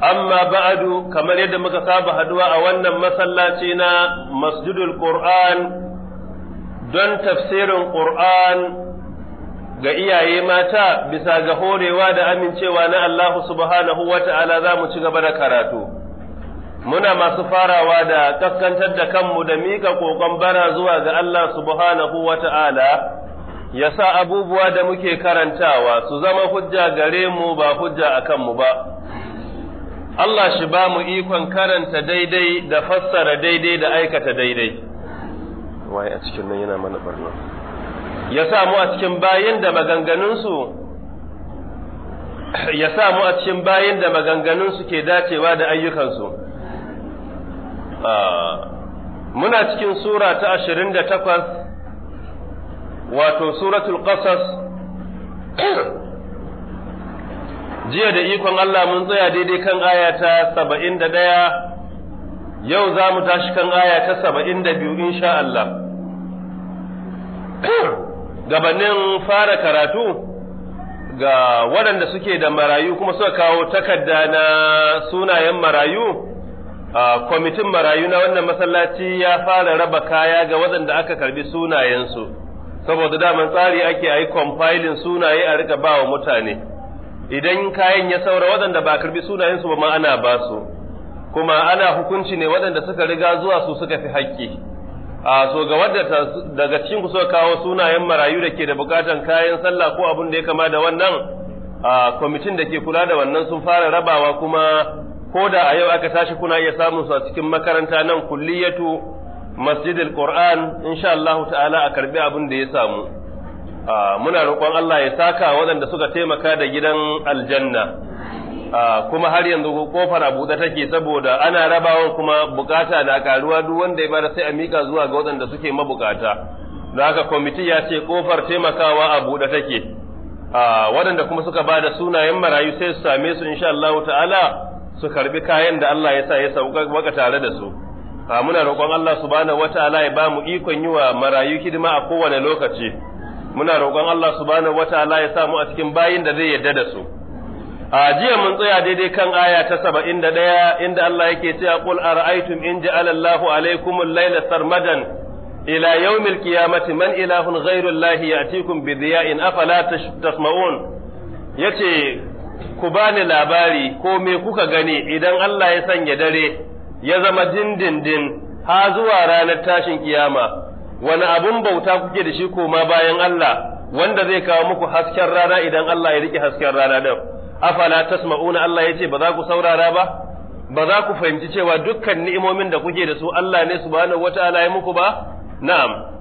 amma ba'adu kamar yadda muka saba haduwa a wannan masallaci na masjidul qur'an don tafsirin qur'an ga iyaye mata bisa ga horewa da amincewa na Allah subhanahu wata'ala za mu ci gaba da karatu muna masu farawa da kaskantar da kanmu da mika kokon bara zuwa ga Allah subhanahu wata'ala ya sa abubuwa da muke karantawa su zama hujja gare mu ba hujja a kanmu ba Allah shi ba mu ikon karanta daidai da fassara daidai da aikata daidai. Wai a cikin nan yana mana barna. Ya samu a cikin bayin da maganganunsu ya samu a cikin bayin da maganganunsu ke dacewa da ayyukansu. Ah, muna cikin Sura ta ashirin da takwas, wato Suratul Qasas jiya da ikon Allah mun tsaya daidai kan aya ta saba'in da ɗaya yau za mu tashi kan aya ta saba'in da biyu sha Allah gabanin fara karatu ga waɗanda suke da marayu kuma suka kawo takarda na sunayen marayu a kwamitin marayu na wannan masallaci ya fara raba kaya ga waɗanda aka karbi sunayensu saboda daman tsari ake a yi compiling sunaye a rika ba wa mutane idan kayan ya saura waɗanda ba karbi sunayensu ba ma ana ba su kuma ana hukunci ne waɗanda suka riga zuwa su suka fi haƙƙi a so ga wadda daga cikin ku suka kawo sunayen marayu da ke da bukatan kayan sallah ko abin da ya kama da wannan a kwamitin da ke kula da wannan sun fara rabawa kuma ko da a yau aka tashi kuna iya samun su a cikin makaranta nan kulliyatu masjidil qur'an insha Allah ta'ala a karbi abin da ya samu Ah, muna roƙon Allah ya saka waɗanda suka taimaka da gidan aljanna ah, kuma har yanzu kofar a buɗe take saboda ana rabawa kuma bukata na karuwa duk wanda ya bada sai a mika zuwa ga waɗanda suke mabukata da haka kwamiti ya ce kofar taimakawa a buɗe take ah, waɗanda kuma suka ba da sunayen marayu sai su same su insha Allah ta'ala su karbi kayan da Allah ya sa ya sauka waka tare da su muna roƙon Allah subhanahu wataala ya ba mu ikon yi wa marayu hidima a kowane lokaci muna roƙon Allah subhanahu ta'ala ya samu a cikin bayin da zai yarda da su a jiya mun tsaya daidai kan aya ta 71 inda Allah yake cewa qul ara'aytum in ja'ala Allahu alaykum al-layla sarmadan ila al qiyamati man ilahun ghayru Allah ya'tikum bi dhiya'in afala tasma'un yace ku bani labari ko me kuka gani idan Allah ya sanya dare ya zama dindindin ha zuwa ranar tashin kiyama wani abun bauta kuke da shi koma bayan Allah wanda zai kawo muku hasken rana idan Allah ya rike hasken rana din afala tasma'una Allah ce ba za ku saurara ba ba za ku fahimci cewa dukkan ni'imomin da kuke da su Allah ne subhanahu wata'ala ya muku ba na'am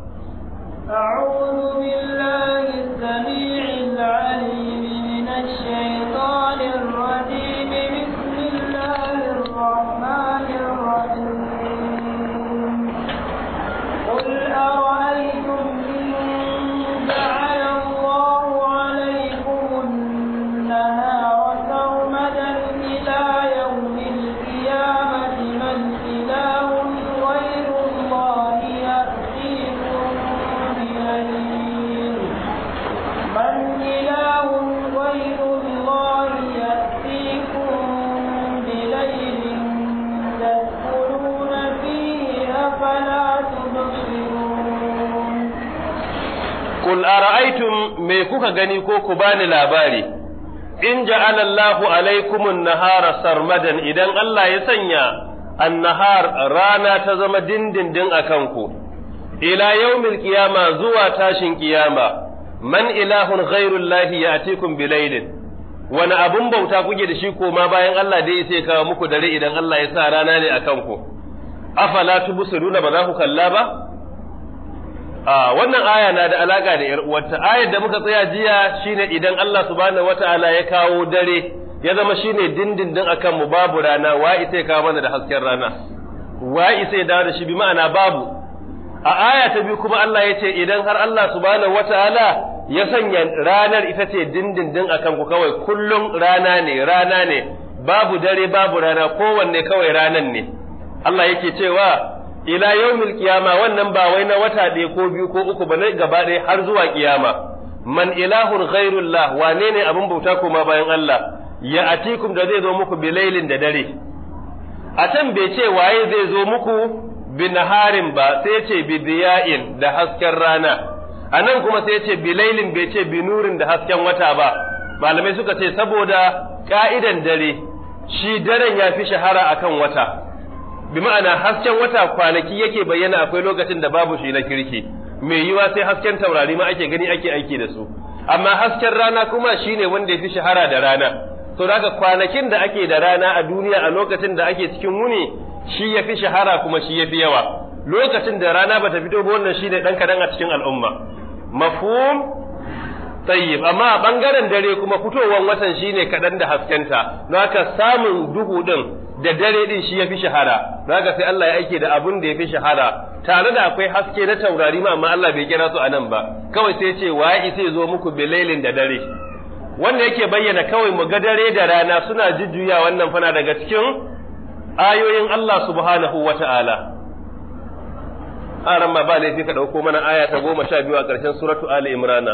أعوذ بالله السميع العليم من الشيطان الرجيم بسم الله الرحمن الرحيم qul ara'aytum me kuka gani ko ku bani labari in ja'ala Allahu alaykumun nahara sarmadan idan Allah ya sanya annahar rana ta zama dindindin a kanku ila yawmil qiyama zuwa tashin qiyama man ilahun ghairullahi ya'tikum bilailin wani abun bauta kuke da shi koma bayan Allah dai sai kawo muku dare idan Allah ya sa rana ne a kanku afala tubsiruna ba za ku kalla ba wannan aya na da alaka da yar uwarta ayar da muka tsaya jiya shine idan Allah subhanahu wataala ya kawo dare ya zama shine dindindin akan mu babu rana wa'i sai kawo mana da hasken rana wa'i sai dawo da shi bi ma'ana babu a aya ta biyu kuma Allah ya ce idan har Allah subhanahu wataala ya sanya ranar ita ce dindindin akan ku kawai kullum rana ne rana ne babu dare babu rana kowanne kawai ranan ne Allah yake cewa ila yaumil kiyama wannan ba wai na wata ɗaya ko biyu ko uku ba ne gaba ɗaya har zuwa kiyama man ilahun ghairullah wane ne abin bauta kuma bayan Allah ya atikum da zai zo muku bi bilailin da dare a can bai ce waye zai zo muku binaharin ba sai ce bi diya'in da hasken rana a nan kuma sai ce bi bilailin bai ce bi nurin da hasken wata ba malamai suka ce saboda ka'idan dare shi daren ya fi shahara akan wata bi ma'ana hasken wata kwanaki yake bayyana akwai lokacin da babu shi na kirki mai yiwa sai hasken taurari ma ake gani ake aiki da su amma hasken rana kuma shine wanda ya fi shahara da rana to daga kwanakin da ake da rana a duniya a lokacin da ake cikin wuni shi ya fi shahara kuma shi ya fi yawa lokacin da rana bata fito ba wannan ne dan kaɗan a cikin al'umma mafhum tayyib amma bangaren dare kuma fitowar watan shine kaɗan da haskenta don haka samun duhu din da dare din shi yafi shahara don haka sai Allah ya aike da abun da yafi shahara tare da akwai haske na taurari ma amma Allah bai kira su anan ba kawai sai ce wa'i sai zo muku bilailin da dare wanda yake bayyana kawai mu ga dare da rana suna jujjuya wannan fana daga cikin ayoyin Allah subhanahu wata'ala aran ma ba laifi ka ɗauko mana aya ta goma sha biyu a ƙarshen suratu ali imrana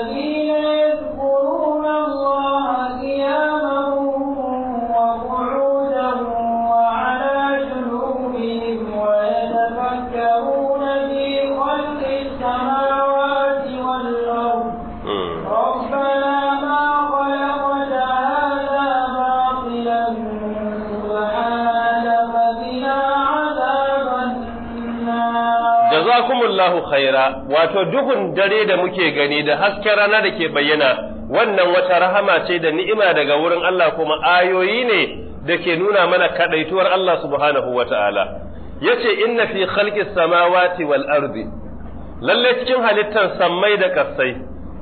wato duhun dare da muke gani da hasken rana da ke bayyana wannan wata rahama ce da ni'ima daga wurin Allah kuma ayoyi ne da ke nuna mana kadaituwar Allah subhanahu wa ta'ala yace inna fi khalqis samawati wal ardi lalle cikin halittar sammai da kasai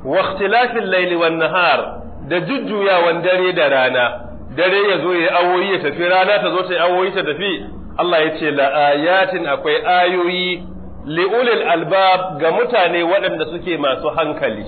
wa ikhtilafil layli wan nahar da jujjuyawan dare da rana dare ya zo ya awoyi ya tafi rana ta zo ta awoyi ta tafi Allah ya ce la ayatin akwai ayoyi li'ulil albab ga mutane waɗanda suke masu hankali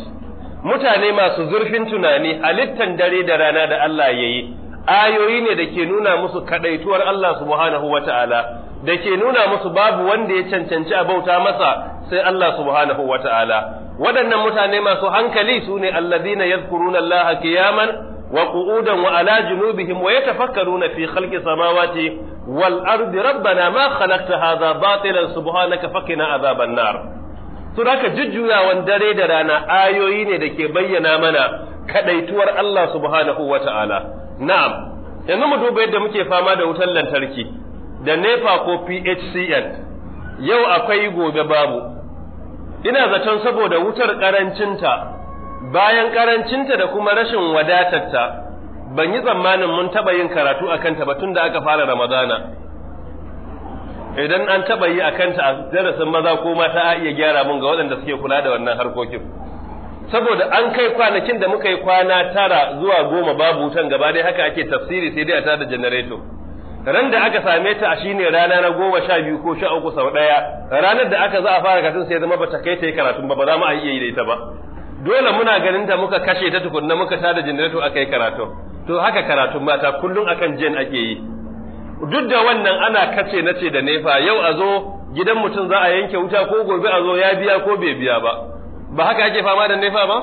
mutane masu zurfin tunani halittan dare da rana da Allah ya yi ayoyi ne da ke nuna musu kaɗaituwar Allah subhanahu wa ta'ala da ke nuna musu babu wanda ya cancanci a bauta masa sai Allah subhanahu wa ta'ala waɗannan mutane masu hankali su ne alladina yadhkuruna Allah wa'ala wa qu'udan wa ala junubihim fi khalqi samawati wal ardi rabbana ma khalaqta hadha batilan subhanaka faqina azaban nar to jujjuya jujjuyawan dare da rana ayoyi ne da ke bayyana mana kadaituwar Allah subhanahu wata'ala na'am yanzu mu duba yadda muke fama da wutar lantarki da nepa ko phcn yau akwai gobe babu ina zaton saboda wutar karancinta bayan karancinta da kuma rashin wadatarta ban yi tsammanin mun taɓa yin karatu a kanta ba tun da aka fara ramadana idan an taɓa yi a kanta a darasin maza ko mata a iya gyara mun ga waɗanda suke kula da wannan harkokin saboda an kai kwanakin da muka yi kwana tara zuwa goma babu wutan gaba dai haka ake tafsiri sai dai a tada janareto ran da aka same ta a shine rana na goma sha biyu ko sha uku sau ɗaya ranar da aka za a fara katin sai zama bata kai ta yi karatun ba ba za mu iya yi da ita ba dole muna ganin da muka kashe ta tukunna muka tada janareto aka yi karatun to haka karatun mata kullum akan jin ake yi duk da wannan ana kace nace da nefa yau a zo gidan mutum za a yanke wuta ko gobe a zo ya biya ko bai biya ba ba haka ake fama da nefa ba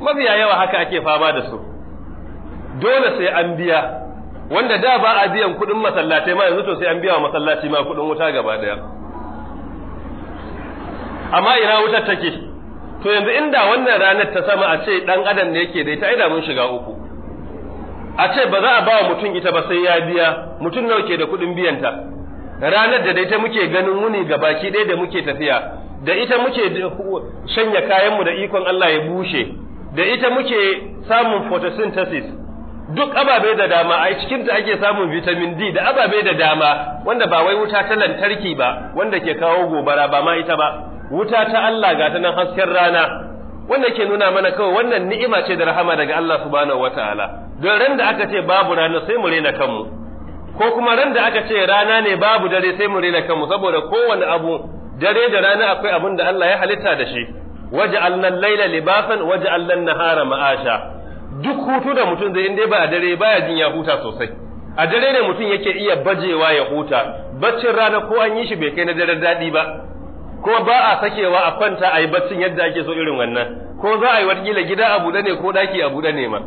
mafiya yawa haka ake fama da su dole sai an biya wanda da ba a biyan kuɗin masallatai ma yanzu to sai an biya wa masallaci ma kuɗin wuta gaba ɗaya amma ina wutar take to yanzu inda wannan ranar ta sama a ce ɗan adam ne yake da ita ai da mun shiga uku a ce ba za a ba wa mutum ita ba sai ya biya mutum nawa ke da kuɗin biyanta ranar da da ita muke ganin wuni ga baki ɗaya da muke tafiya da ita muke shanya kayanmu da ikon Allah ya bushe da ita muke samun photosynthesis duk ababe da dama a cikin ta ake samun vitamin D da ababe da dama wanda ba wai wuta ta lantarki ba wanda ke kawo gobara ba ma ita ba wuta ta Allah ga ta nan hasken rana wanda ke nuna mana kawai wannan ni'ima ce da rahama daga Allah subhanahu wataala don ran da aka ce babu rana sai mu rena kanmu ko kuma ran da aka ce rana ne babu dare sai mu rena kanmu saboda kowane abu dare da rana akwai abin da Allah ya halitta da shi waje allan laila libasan waje allan nahara ma'asha duk hutu da mutum zai inda ba a dare baya jin ya huta sosai a dare ne mutum yake iya bajewa ya huta baccin rana ko an yi shi bai kai na dare daɗi ba kuma ba a sakewa a kwanta a yi baccin yadda ake so irin wannan ko za a yi watakila gida a buɗe ne ko daki a buɗe ne ma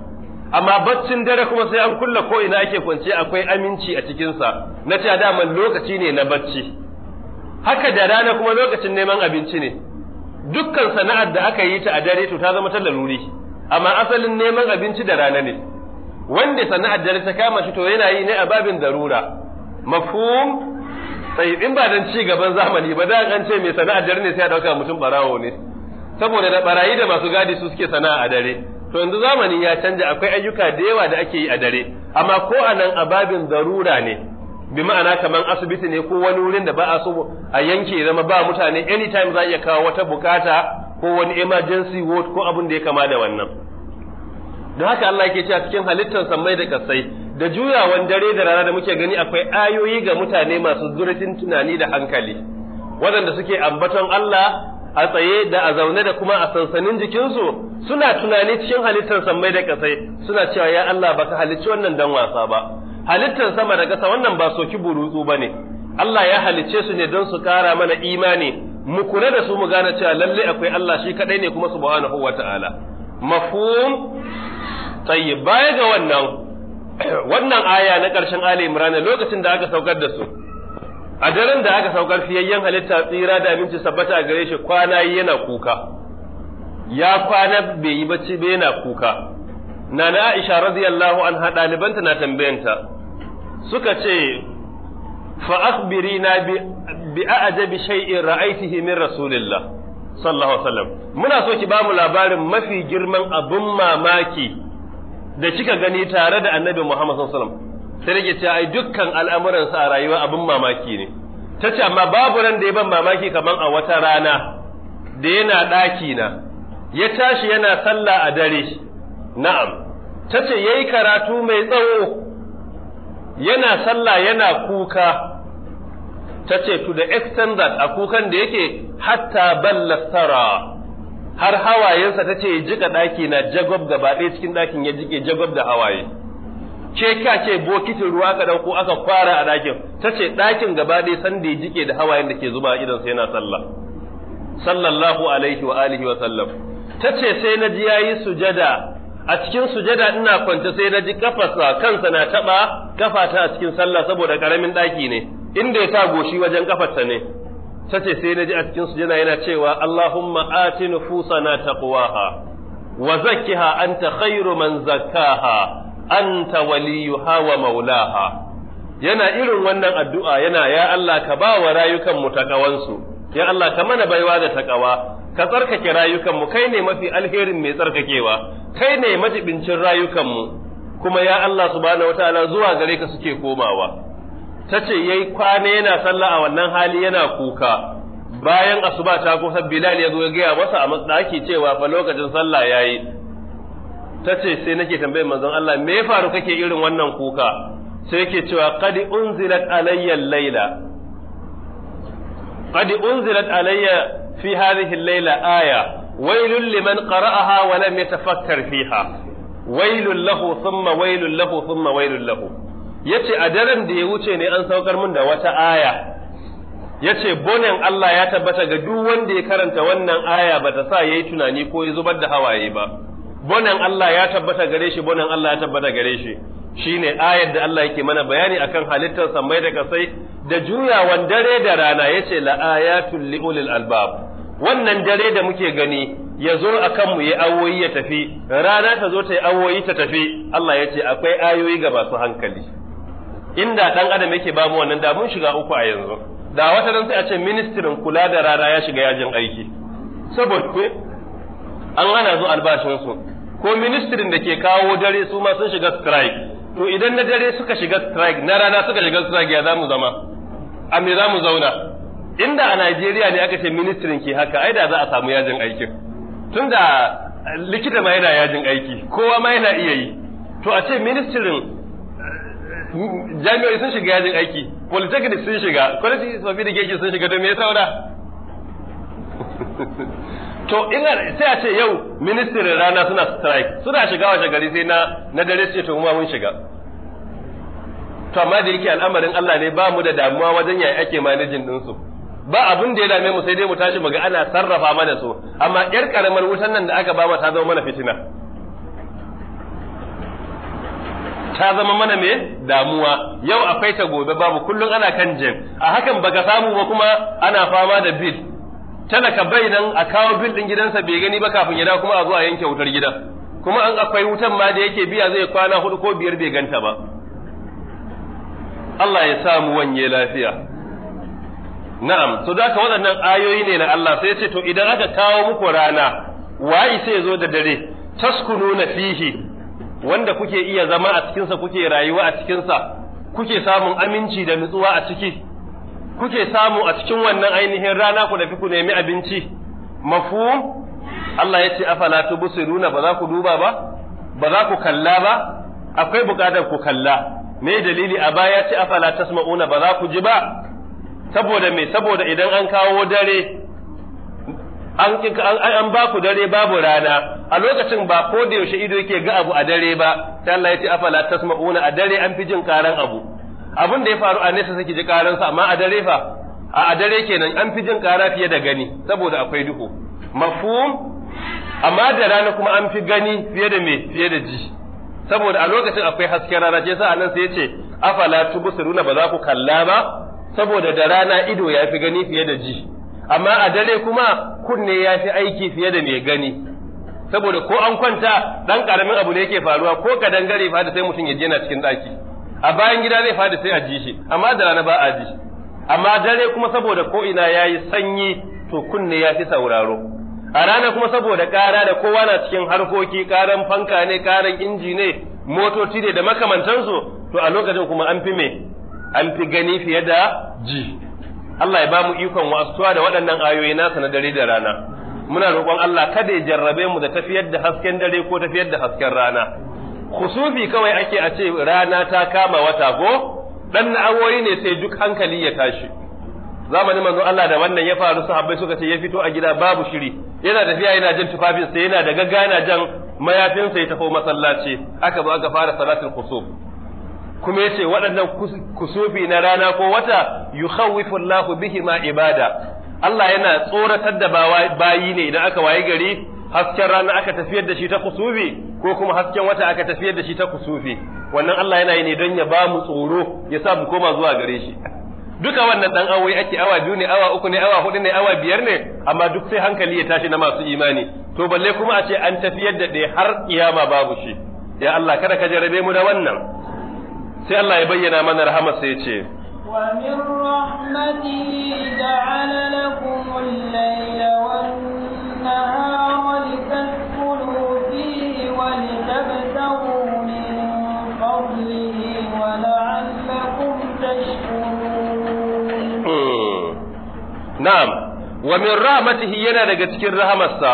amma baccin dare kuma sai an kulla ko ina ake kwance akwai aminci a cikinsa na ce daman lokaci ne na bacci haka da rana kuma lokacin neman abinci ne dukkan sana'ar da aka yi ta a dare to ta zama ta laruri amma asalin neman abinci da rana ne wanda sana'ar dare ta kama shi to yana yi ne a babin darura mafhum sai in ba dan ci gaban zamani ba da an ce mai sana'ar dare ne sai a dauka mutum barawo ne saboda da barayi da masu gadi su suke sana'a a dare to yanzu zamanin ya canja akwai ayyuka da yawa da ake yi a dare amma ko a nan ababin zarura ne bi ma'ana kaman asibiti ne ko wani wurin da ba a so a yanke zama ba mutane anytime za a iya kawo wata bukata ko wani emergency ward ko abin da ya kama da wannan don haka Allah yake cewa cikin halittar samai da kasai da juyawan dare da rana da muke gani akwai ayoyi ga mutane masu zurfin tunani da hankali waɗanda suke ambaton Allah a tsaye da a zaune da kuma a sansanin jikinsu suna tunani cikin halittar sammai da kasai suna cewa ya Allah ba ka halicci wannan dan wasa ba halittar sama da kasa wannan ba soki burutsu ne. Allah ya halicce su ne don su kara mana imani mu kula da su mu gane cewa lalle akwai Allah shi kadai ne kuma subhanahu wataala mafhum tayyib baya ga wannan wannan aya na karshen Ali Imran lokacin da aka saukar da su a daren da aka saukar fiyayyen halitta tsira da aminci sabbata gare shi kwana yana kuka ya kwana bai yi bacci bai yana kuka nana Aisha radiyallahu anha ɗalibanta na tambayanta suka ce fa akhbirina bi a'jabi shay'in ra'aytihi min rasulillah sallallahu alaihi muna so ki bamu labarin mafi girman abin mamaki da kika gani tare da annabi Muhammad sallallahu sai rage ta ai dukkan al'amuransa a rayuwa abin mamaki ne ta ce amma babu ran da ya ban mamaki kaman a wata rana da yana ɗaki na ya tashi yana sallah a dare na'am ta ce yayi karatu mai tsawo yana sallah yana kuka ta ce to the extent that a kukan da yake hatta ballastara har hawayensa ta ce ya jika ɗaki na jagob gaba ɗaya cikin ɗakin ya jike jagob da hawaye ke ka ce bokitin ruwa aka dauko aka fara a ɗakin ta ce ɗakin gaba ɗaya san da ya jike da hawayen da ke zuba a idan sai yana sallah sallallahu alaihi wa alihi wa sallam ta ce sai na ji yayi sujada a cikin sujada ina kwance sai na ji kafarsa kansa na taba kafata a cikin sallah saboda karamin ɗaki ne inda ya sa goshi wajen kafarta ne ta ce sai na ji a cikin sujada yana cewa Allahumma ati nufusana taqwaha wa zakkiha anta khairu man zakkaha anta waliyuha wa maulaha yana irin wannan addu'a yana ya Allah ka ba wa rayukan mu takawansu ya Allah ka mana baiwa da takawa ka tsarkake rayukan mu kai ne mafi alherin mai tsarkakewa kai ne majibincin rayukanmu mu kuma ya Allah subhanahu wataala zuwa gare ka suke komawa tace yayi kwana yana sallah a wannan hali yana kuka bayan asuba ta kusa Bilal ya zo ya gaya masa a ake cewa fa lokacin sallah yayi ta ce sai nake tambayar manzon Allah me ya faru kake irin wannan kuka sai yake cewa qad unzilat alayya layla qad unzilat alayya fi hadhihi al-layla aya waylun liman qara'aha wa lam yatafakkar fiha waylun lahu thumma waylun lahu thumma waylun lahu yace a daren da ya wuce ne an saukar mun da wata aya yace bonen Allah ya tabbata ga duk wanda ya karanta wannan aya bata sa yayi tunani ko ya zubar da hawaye ba bonan Allah ya tabbata gare shi bonan Allah ya tabbata gare shi shine ayar da Allah yake mana bayani akan halittar samai da kasai da juyawan dare da rana yace la ayatul liulil albab wannan dare da muke gani ya zo a kanmu ya awoyi ya tafi rana ta zo ta yi awoyi ta tafi Allah ya ce akwai ayoyi ga masu hankali inda dan adam yake ba mu wannan da mun shiga uku a yanzu da wata dan sai a ce ministirin kula da rana ya shiga yajin aiki saboda an hana zo albashinsu ko ministrin da ke kawo dare su ma sun shiga strike to idan na dare suka shiga strike na rana suka shiga strike ya zamu zama a me zamu zauna inda a Najeriya ne aka ce ministrin ke haka ai da za a samu yajin aikin tunda likita ma yana yajin aiki kowa ma yana iya yi to a ce ministrin jami'o'i sun shiga yajin aiki polytechnic sun shiga college of education sun shiga to me ya saura to ina sai a ce yau ministirin rana suna strike suna shiga washe gari sai na na dare ce to kuma mun shiga to amma da yake al'amarin Allah ne ba mu da damuwa wajen yayi ake manajin din su ba abin da ya dame mu sai dai mu tashi mu ga ana sarrafa mana su amma yar karamar wutan nan da aka ba mu ta zama mana fitina ta zama mana me damuwa yau akwai ta gobe babu kullun ana kan jin a hakan baka samu ba kuma ana fama da bill talaka bai nan a kawo bil gidansa bai gani ba kafin ya dawo kuma a zo a yanke wutar gidan kuma an akwai wutan ma da yake biya zai kwana hudu ko biyar bai ganta ba Allah ya samu wanye lafiya na'am to da ka waɗannan ayoyi ne na Allah sai ce to idan aka kawo muku rana wa'i sai zo da dare na fihi wanda kuke iya zama a cikinsa kuke rayuwa a cikinsa kuke samun aminci da nutsuwa a ciki kuke samu a cikin wannan ainihin rana ku da ku nemi abinci mafu Allah ya ce afala tubsiruna ba za ku duba ba ba za ku kalla ba akwai buƙatar ku kalla me dalili a baya ce afala tasma'una ba za ku ji ba saboda me saboda idan an kawo dare an an ba ku dare babu rana a lokacin ba ko da yaushe ido yake ga abu a dare ba sai Allah ya ce afala tasma'una a dare an fi jin karan abu abin da ya faru a nesa sai ji karansa amma a dare fa a dare kenan an fi jin kara fiye da gani saboda akwai duhu mafhum amma da rana kuma an fi gani fiye da me fiye da ji saboda a lokacin akwai hasken rana ce sa nan sai ya ce afala tubsiruna ba za ku kalla ba saboda da rana ido ya fi gani fiye da ji amma a dare kuma kunne ya fi aiki fiye da mai gani saboda ko an kwanta dan karamin abu ne yake faruwa ko ka dangare fa da sai mutum ya je na cikin daki a bayan gida zai fadi sai a ji shi amma da rana ba a ji shi amma dare kuma saboda ko ina yayi sanyi to kunne ya fi sauraro a rana kuma saboda kara da kowa na cikin harkoki ƙaran fanka ne ƙaran inji ne motoci ne da makamantansu to a lokacin kuma an fi me an fi gani fiye da ji Allah ya ba mu ikon wasuwa da waɗannan ayoyi nasa na dare da rana muna roƙon Allah kada ya jarrabe mu da tafiyar da hasken dare ko tafiyar da hasken rana Kusufi kawai ake a ce rana ta kama wata ko dan awoyi ne sai duk hankali ya tashi zamanin manzo Allah da wannan ya faru sahabbai suka ce ya fito a gida babu shiri yana tafiya yana jin tufafin sai yana da gaggana jan mayafin sai tafi masallaci aka zo aka fara salatul khusuf kuma yace waɗannan kusufi na rana ko wata yukhawifu Allahu ma ibada Allah yana tsoratar da bayi ne idan aka wayi gari hasken rana aka tafiyar da shi ta kusufi ko kuma hasken wata aka tafiyar da shi ta kusufi wannan Allah yana yi ne don ya ba mu tsoro ya sa mu koma zuwa gare shi duka wannan dan awoyi ake awa biyu ne awa uku ne awa hudu ne awa biyar ne amma duk sai hankali ya tashi na masu imani to balle kuma a ce an tafiyar da ɗaya har kiyama babu shi ya Allah kada ka jarabe mu da wannan sai Allah ya bayyana mana rahama sai ya ce ومن رحمته جعل لكم الليل والنهار na'am wa min rahmatihi yana daga cikin rahamarsa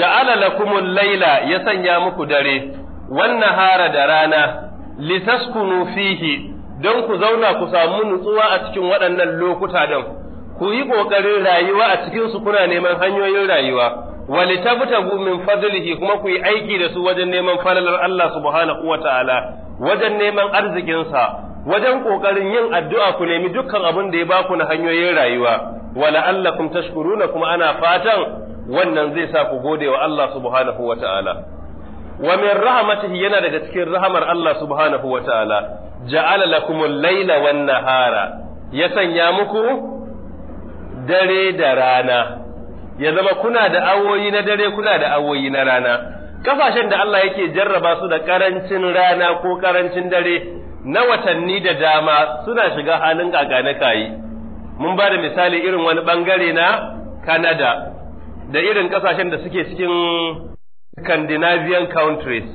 ja'ala lakumul laila ya sanya muku dare wannan nahara da rana litaskunu fihi don ku zauna ku samu nutsuwa a cikin waɗannan lokuta don ku yi ƙoƙarin rayuwa a cikin su kuna neman hanyoyin rayuwa wa litabtagu min fadlihi kuma ku yi aiki da su wajen neman falalar Allah subhanahu ta'ala wajen neman arzikinsa wajen ƙoƙarin yin addu'a ku nemi dukkan abin da ya baku na hanyoyin rayuwa wa la'allakum tashkuruna kuma ana fatan wannan zai sa ku gode wa Allah subhanahu wa ta'ala wa min rahmatihi yana daga cikin rahamar Allah subhanahu wa ta'ala ja'ala lakumul laila wan nahara ya sanya muku dare da rana ya zama kuna da awoyi na dare kuna da awoyi na rana kafashen da Allah yake jarraba su da karancin rana ko karancin dare na watanni da dama suna shiga halin kakane kayi mun ba da misali irin wani bangare na Canada da irin kasashen da suke cikin Scandinavian countries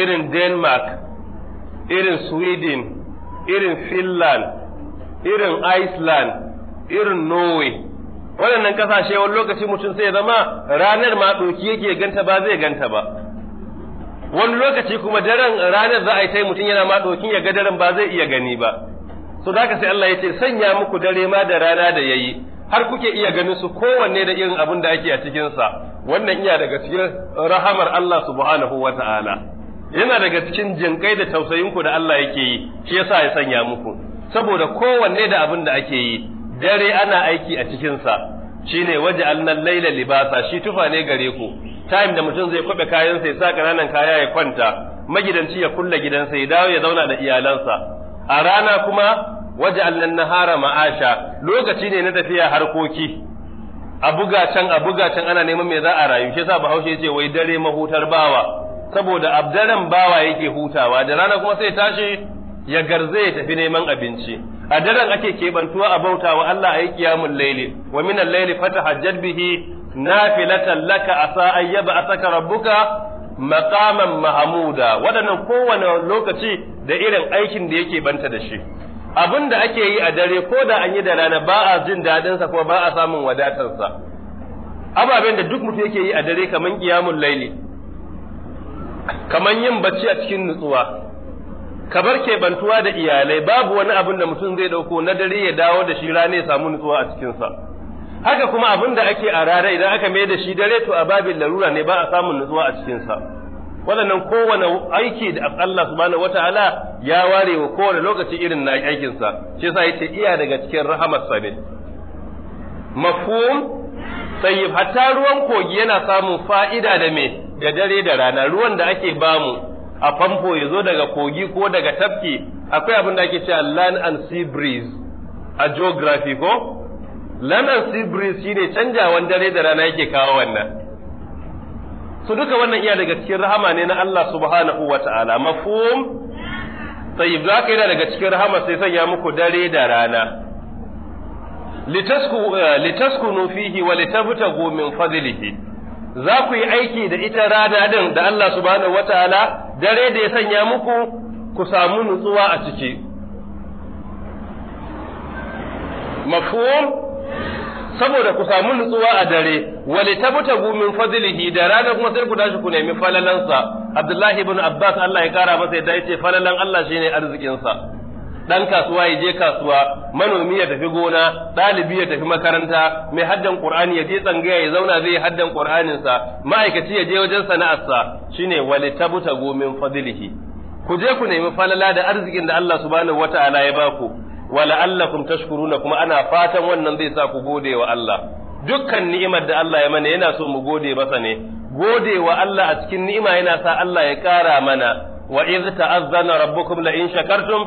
irin Denmark irin Sweden irin Finland irin Iceland irin Norway waɗannan kasashe wani lokaci mutum sai zama ranar ma ɗoki yake ganta ba zai ganta ba wani lokaci kuma daren ranar za a yi ta mutum yana ma ɗokin ya ga daren ba zai iya gani ba so da ka sai Allah ya ce sanya muku dare ma da rana da yayi har kuke iya ganin su kowanne da irin abin da ake a cikin wannan iya daga cikin rahamar Allah subhanahu ta'ala yana daga cikin jinkai da tausayin ku da Allah yake yi shi yasa ya sanya muku saboda kowanne da abin da ake yi dare ana aiki a cikin sa shine waja'alna laila libasa shi tufane ne gare ku time da mutum zai kwabe kayansa ya sa kananan kaya ya kwanta magidanci ya kulle gidansa ya dawo ya zauna da iyalansa a rana kuma waje allan nahara ma'asha lokaci ne na tafiya harkoki a buga can a buga can ana neman me za a rayu shi yasa bahaushe ce wai dare mahutar bawa saboda abdaren bawa yake hutawa da rana kuma sai tashi ya garze ya tafi neman abinci a daren ake kebantuwa a bautawa Allah a yi kiyamun laili wa minan laili fata hajjar bihi sa laka ba a saka rabbuka maqaman mahmuda waɗannan kowane lokaci da irin aikin da yake banta da shi abin da ake yi a dare ko da an yi da rana ba a jin daɗinsa sa kuma ba a samun wadatar ababen da duk mutum yake yi a dare kaman qiyamul laili kaman yin bacci a cikin nutsuwa kabar kebantuwa da iyalai babu wani abin da mutum zai ɗauko na dare ya dawo da shi rana ya samu nutsuwa a cikinsa. haka kuma abin da ake a rara idan aka mai da shi dare to a babin larura ne ba a samun nutsuwa a cikinsa waɗannan kowane aiki da Allah subhanahu wataala ya ware wa kowane lokaci irin na aikinsa shi yasa yace iya daga cikin sa ne mafhum tayyib hatta ruwan kogi yana samun fa'ida da me da dare da rana ruwan da ake bamu a famfo ya zo daga kogi ko daga tafki akwai abin da ake cewa land and sea breeze a geography ko Lanar sibirin shi ne canjawan dare da rana yake kawo wannan. Su duka wannan iya daga cikin rahama ne na Allah subhanahu wa ta'ala, mafum? Tsayib za ka yana daga cikin rahama sai sanya muku dare da rana. litasku eh, nufihi wa litabtagu gomin fadilihi Za ku yi aiki da ita rana din da Allah subhanahu wa ta'ala, dare da ya sanya muku ku samu nutsuwa a ciki. mafum saboda ku samu nutsuwa a dare wali tabuta min fadlihi da rana kuma sai ku tashi ku nemi falalansa Abdullahi ibn Abbas Allah ya kara masa yadda yace falalan Allah shine arzikin sa dan kasuwa ya je kasuwa manomi ya tafi gona ɗalibi ya tafi makaranta mai haddan Qur'ani ya je tsangaya ya zauna zai haddan Qur'anin sa ma'aikaci ya je wajen sana'arsa shine wali tabuta min fadlihi ku je ku nemi falala da arzikin da Allah subhanahu wata'ala ya baku wa la'allakum tashkuruna kuma ana fatan wannan zai sa ku gode wa Allah dukkan ni'imar da Allah ya mana yana so mu gode masa ne gode wa Allah a cikin ni'ima yana sa Allah ya ƙara mana wa idh ta'azzana rabbukum la in shakartum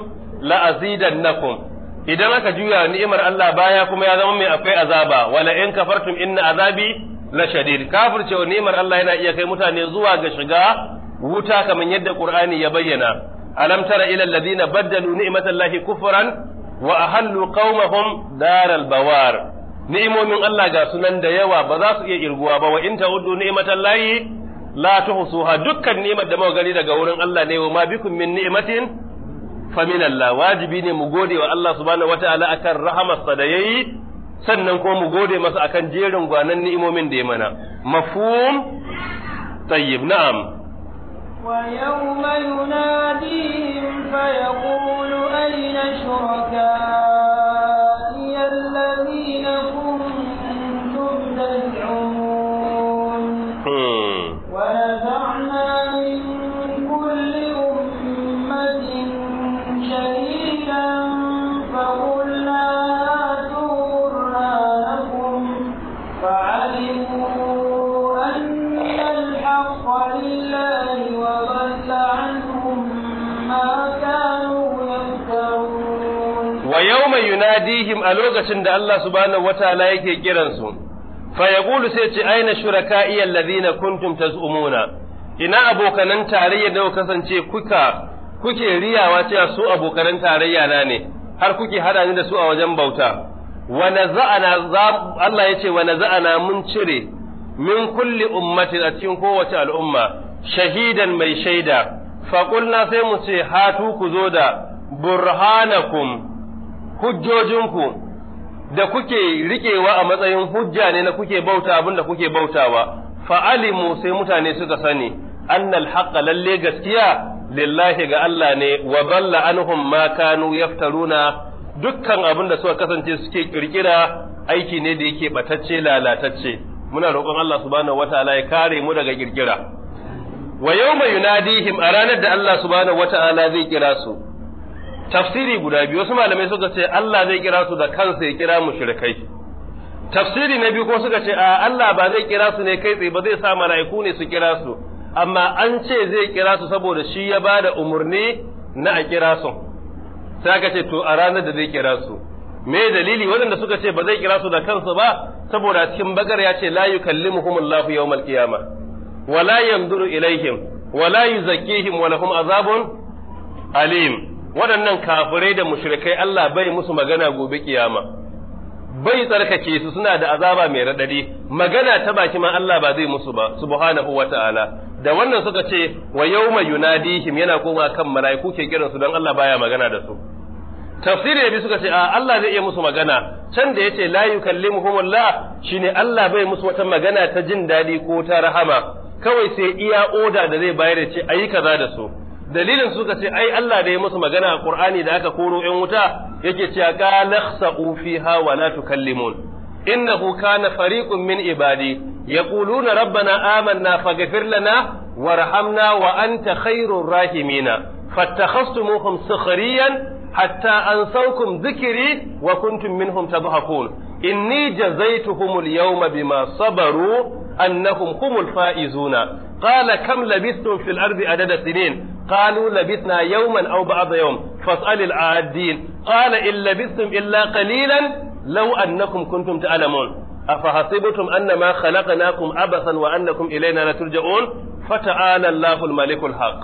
la azidannakum idan aka juya ni'imar Allah baya kuma ya zama mai akwai azaba wala in kafartum inna azabi la shadid kafircewa ni'imar Allah yana iya kai mutane zuwa ga shiga wuta kamar yadda Qur'ani ya bayyana alam tara ila alladhina baddalu ni'matallahi kufran wa ahallu qaumahum daral bawar ni'imomin Allah ga sunan da yawa ba za su iya irguwa ba wa in uddu ni'matan lahi la tuhsuha dukkan ni'mat da muka gani daga wurin Allah ne wa ma bikum min ni'matin fa min Allah wajibi ne mu gode wa Allah subhanahu wataala akan rahamarsa da yayi sannan kuma mu gode masa akan jerin gwanan ni'imomin da ya mana mafhum tayyib na'am ويوم يناديهم فيقول أين شركائي yunadihim a lokacin da Allah subhanahu wataala yake kiransu fa yaqulu sai ce aina shuraka'i alladhina kuntum taz'umuna ina abokanan tarayya da kasance kuka kuke riyawa cewa su abokanan tarayya na ne har kuke hada ni da su a wajen bauta wa naza'ana Allah yace wa naza'ana mun cire min kulli ummatin a cikin kowace al'umma shahidan mai shaida qulna sai mu ce hatu ku zo da burhanakum hujjojinku da kuke riƙewa a matsayin hujja ne na kuke bauta abin da kuke bautawa fa'alimu sai mutane suka sani annal haƙa lalle gaskiya lillahi ga Allah ne wa balla anhum ma kanu yaftaruna dukkan abin da suka kasance suke kirkira aiki ne da yake batacce lalatacce muna roƙon Allah subhanahu wataala ya kare mu daga kirkira wa yawma yunadihim a ranar da Allah subhanahu wataala zai kira su tafsiri guda biyu wasu malamai suka ce Allah zai kira su da kansa ya kira mushrikai tafsiri na biyu ko suka ce a Allah ba zai kira su ne kai tsaye ba zai sa mala'iku ne su kira su amma an ce zai kira su saboda shi ya ba da umarni na a kira su sai aka ce to a ranar da zai kira su me dalili waɗanda suka ce ba zai kira su da kansu ba saboda cikin bagar ya ce la yukallimuhumullahu yawmal qiyamah wala yamduru ilaihim wala yuzakkihim wa lahum azabun alim waɗannan kafirai da mushrikai Allah bai musu magana gobe kiyama bai tsarkake su suna da azaba mai raɗaɗi magana ta baki ma Allah ba zai musu ba subhanahu wata'ala da wannan suka ce wa yawma yunadihim yana koma kan mala'iku ke kiran su dan Allah baya magana da su tafsiri ya bi suka ce a Allah zai iya musu magana can da yace la Allah shine Allah bai musu wata magana ta jin daɗi ko ta rahama kawai sai iya oda da zai bayar da ce ayi kaza da su dalilin suka ce ai Allah da ya musu magana a Qur'ani da aka koro ƴan wuta yake cewa qala khsaqu fiha wa la tukallimun innahu kana fariqun min ibadi yaquluna rabbana amanna faghfir lana warhamna wa anta khairur rahimina fattakhastumuhum sukhriyan hatta ansawkum dhikri wa kuntum minhum tadhakun inni jazaituhumul yawma bima sabaru annahum humul faizuna qala kam labistum fil arzi a dada sinin qalu labisna yawman aw ba'd yawm fas'al al aadin qala in labistum illa qalilan law annakum kuntum ta'lamun afahasibtum annama khalaqnakum abathan wa annakum ilayna la turja'un fata'ala Allahu al malikul haq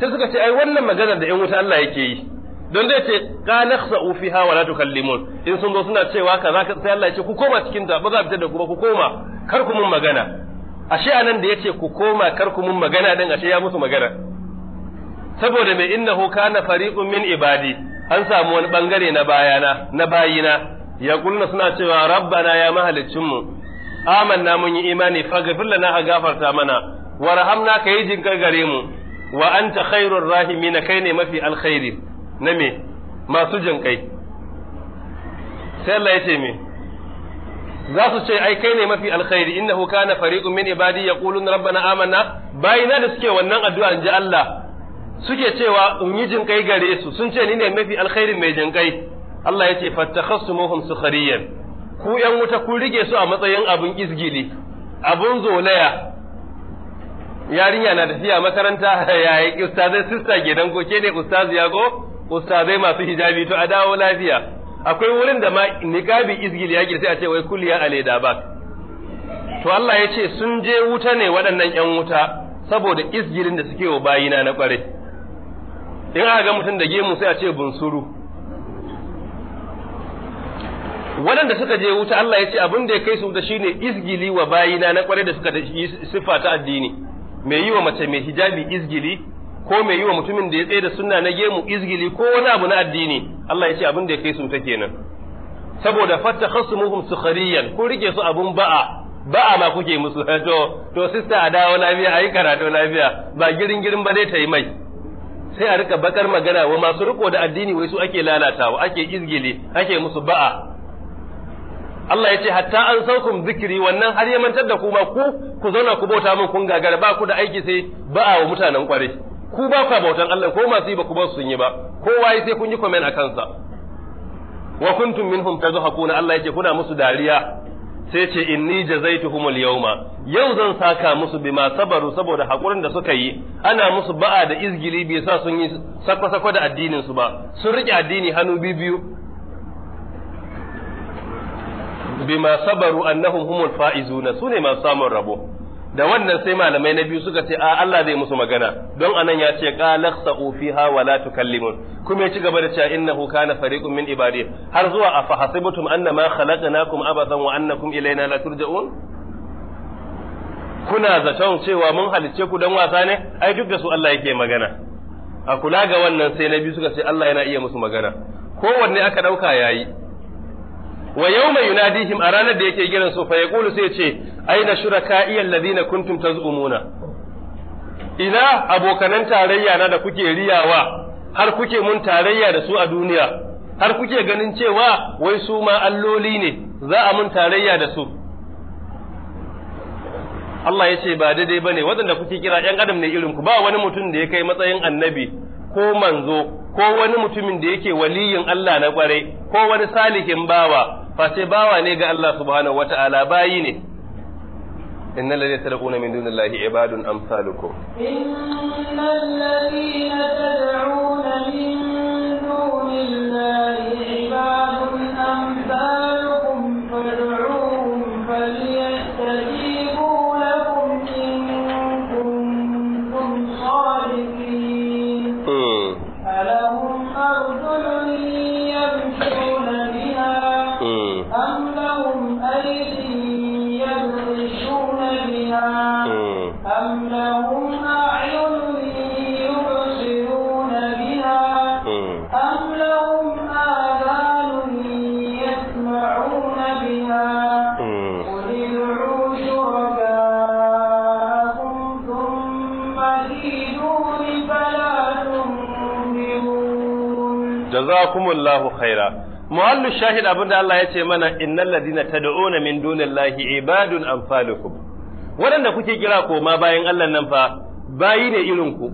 sai suka ce ai wannan maganar da yan wuta Allah yake yi don zai ce qala khsa'u fiha wa la tukallimun in sun zo suna cewa ka sai Allah ya ce ku koma cikin ta ba za a fitar da ku ba ku koma kar ku mun magana ashe anan da yace ku koma kar ku mun magana din ashe ya musu magana saboda mai innahu kana fariqun min ibadi an samu wani bangare na bayana na bayina ya kulna suna cewa rabbana ya mahalicin mu amanna mun yi imani faghfir lana a gafarta mana warhamna kayi jinkar gare mu wa anta khairur rahimin kai ne mafi alkhairi na me masu jinkai sai Allah ya ce me za su ce ai kai ne mafi alkhairi innahu kana fariqun min ibadi yaqulun rabbana amanna bayina da suke wannan addu'a ji Allah suke cewa in yi jin kai gare su sun ce ni ne mafi alkhairin mai jin kai Allah ya ce fattakhasumuhum sukhariyan ku yan wuta ku rige su a matsayin abun izgili abun zolaya yarinya na tafiya makaranta yayi ustazai sista gidan goke ne ustaz yago ustazai masu hijabi to a dawo lafiya akwai wurin da ma niqabi izgil ya sai a ce wai kulliya aleda ba to Allah ya ce sun je wuta ne waɗannan ƴan wuta saboda izgilin da suke wa bayina na ƙware in aka ga mutum da gemu sai a ce bunsuru waɗanda suka je wuta Allah ya ce abin da ya kai su wuta shine izgili wa bayina na ƙware da suka yi siffa ta addini mai yi wa mace mai hijabi izgili ko mai yi wa mutumin da ya tsaye da suna na gemu izgili ko wani abu na addini Allah ya ce abin da ya kai sun ta kenan saboda fatta khasumuhum sukhariyan ko rike su abun ba'a ba'a ma kuke musu to to sista a dawo lafiya ayi karatu lafiya ba girin girin ba dai ta yi mai sai a rika bakar magana wa masu riko da addini wai su ake lalatawa ake izgili ake musu ba'a Allah ya ce hatta an saukum zikiri wannan har ya mantar da ku ku ku zauna ku bauta min kun gagara ba ku da aiki sai ba'a wa mutanen kwarai ku ba ku bautan Allah ko masu yi ba ku ba sun yi ba kowa yi sai kun yi comment a kansa wa kuntum minhum tadhakuna Allah yake kuna musu dariya sai ce inni jazaituhumul yawma yau zan saka musu bima sabaru saboda hakurin da suka yi ana musu ba'a da izgili bai sa sun yi sako-sako da addinin su ba sun rike addini hannu biyu bima sabaru annahum humul faizuna sune masu samun rabo da wannan sai malamai na biyu suka ce a Allah zai musu magana don anan ya ce qalaq fiha wa la tukallimun kuma ya ci gaba da cewa innahu kana fariqun min ibadi har zuwa a fahasibtum annama khalaqnakum abathan wa annakum ilaina la turja'un kuna zaton cewa mun halicce ku dan wasa ne ai duk da su Allah yake magana a kula ga wannan sai na biyu suka ce Allah yana iya musu magana kowanne aka dauka yayi wa yau yawma yunadihim a ranar da yake kiran su fa ya Kulu sai ce aina shuraka'i alladhina kuntum taz'umuna ina abokanan tarayya na da kuke riyawa har kuke mun tarayya da su a duniya har kuke ganin cewa wai su ma alloli ne za a mun tarayya da su Allah ya ce ba daidai bane waɗanda kuke kira ‘yan adam ne irin ku ba wani mutum da ya kai matsayin annabi ko manzo ko wani mutumin da yake waliyin Allah na ƙware ko wani salihin bawa fa sai bawa ne ga Allah subhanahu wata'ala bayi ne innal ladina tad'una min dunillahi ibadun amsalukum innal ladina tad'una min dunillahi ibadun amsalukum fad'u jazakumullahu khaira muhallu shahid abinda Allah ya ce mana innal ladina tad'una min dunillahi ibadun waɗanda kuke kira ko ma bayan Allah nan fa bayi ne irin ku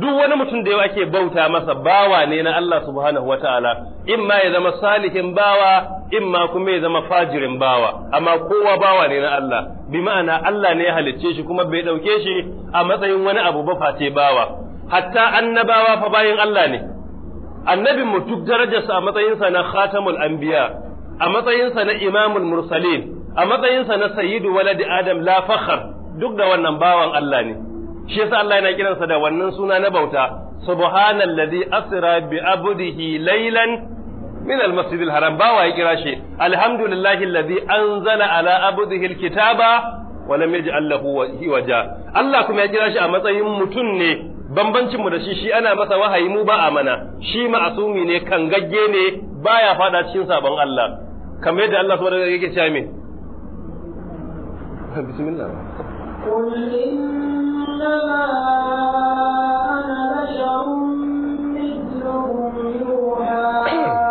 duk wani mutum da yau ake bauta masa bawa ne na Allah subhanahu wataala imma ya zama salihin bawa imma kuma ya zama fajirin bawa amma kowa bawa ne na Allah bi ma'ana Allah ne ya halicce shi kuma bai dauke shi a matsayin wani abu ba face bawa hatta annabawa fa bayin Allah ne annabin mu duk darajarsa a matsayinsa na khatamul anbiya a matsayinsa na imamul mursalin a matsayinsa na sayyidu waladi adam la fakhar duk da wannan bawan Allah ne shi yasa Allah yana kiransa da wannan suna na bauta subhanallazi asra bi abdihi laylan min almasjidil haram bawa ya kira shi alhamdulillahi allazi anzala ala abdihi alkitaba wa lam yaj'al lahu waja Allah kuma ya kira shi a matsayin mutum ne bambancinmu da shi shi ana masa wahayi mu ba a mana shi ma'asumi ne kan gagge ne baya fada cikin sabon Allah kamar yadda Allah subhanahu wa ta'ala yake cewa me bismillah qul innama ana basharun mithlukum yuha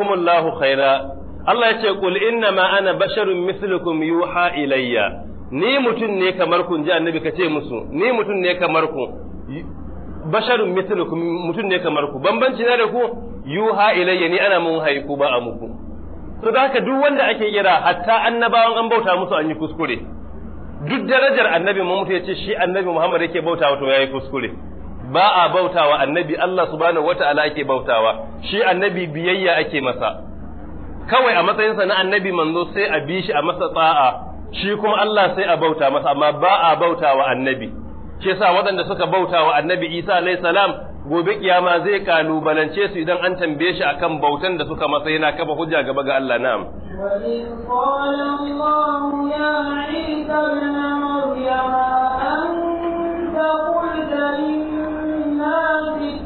jazakumullahu khaira Allah ya ce qul inna ma ana basharun mithlukum yuha ilayya ni mutun ne kamar ku ji annabi ka ce musu ni mutun ne kamar ku basharun mithlukum mutun ne kamar ku bambanci na da ku yuha ilayya ni ana mun haiku ba a muku to da haka duk wanda ake kira hatta annabawan an bauta musu an yi kuskure duk darajar annabi mu mutu ya ce shi annabi Muhammad yake bauta wato yayi kuskure ba a bautawa annabi Allah subhanahu wata'ala ake bautawa shi annabi biyayya ake masa kawai a matsayinsa na annabi manzo sai a bi shi a masa tsa'a shi kuma Allah sai a bauta masa amma ba a bautawa annabi shi yasa waɗanda suka bautawa annabi Isa alayhi salam gobe kiyama zai kalubalance su idan an tambaye shi akan bautan da suka masa yana kafa hujja gaba ga Allah na'am ya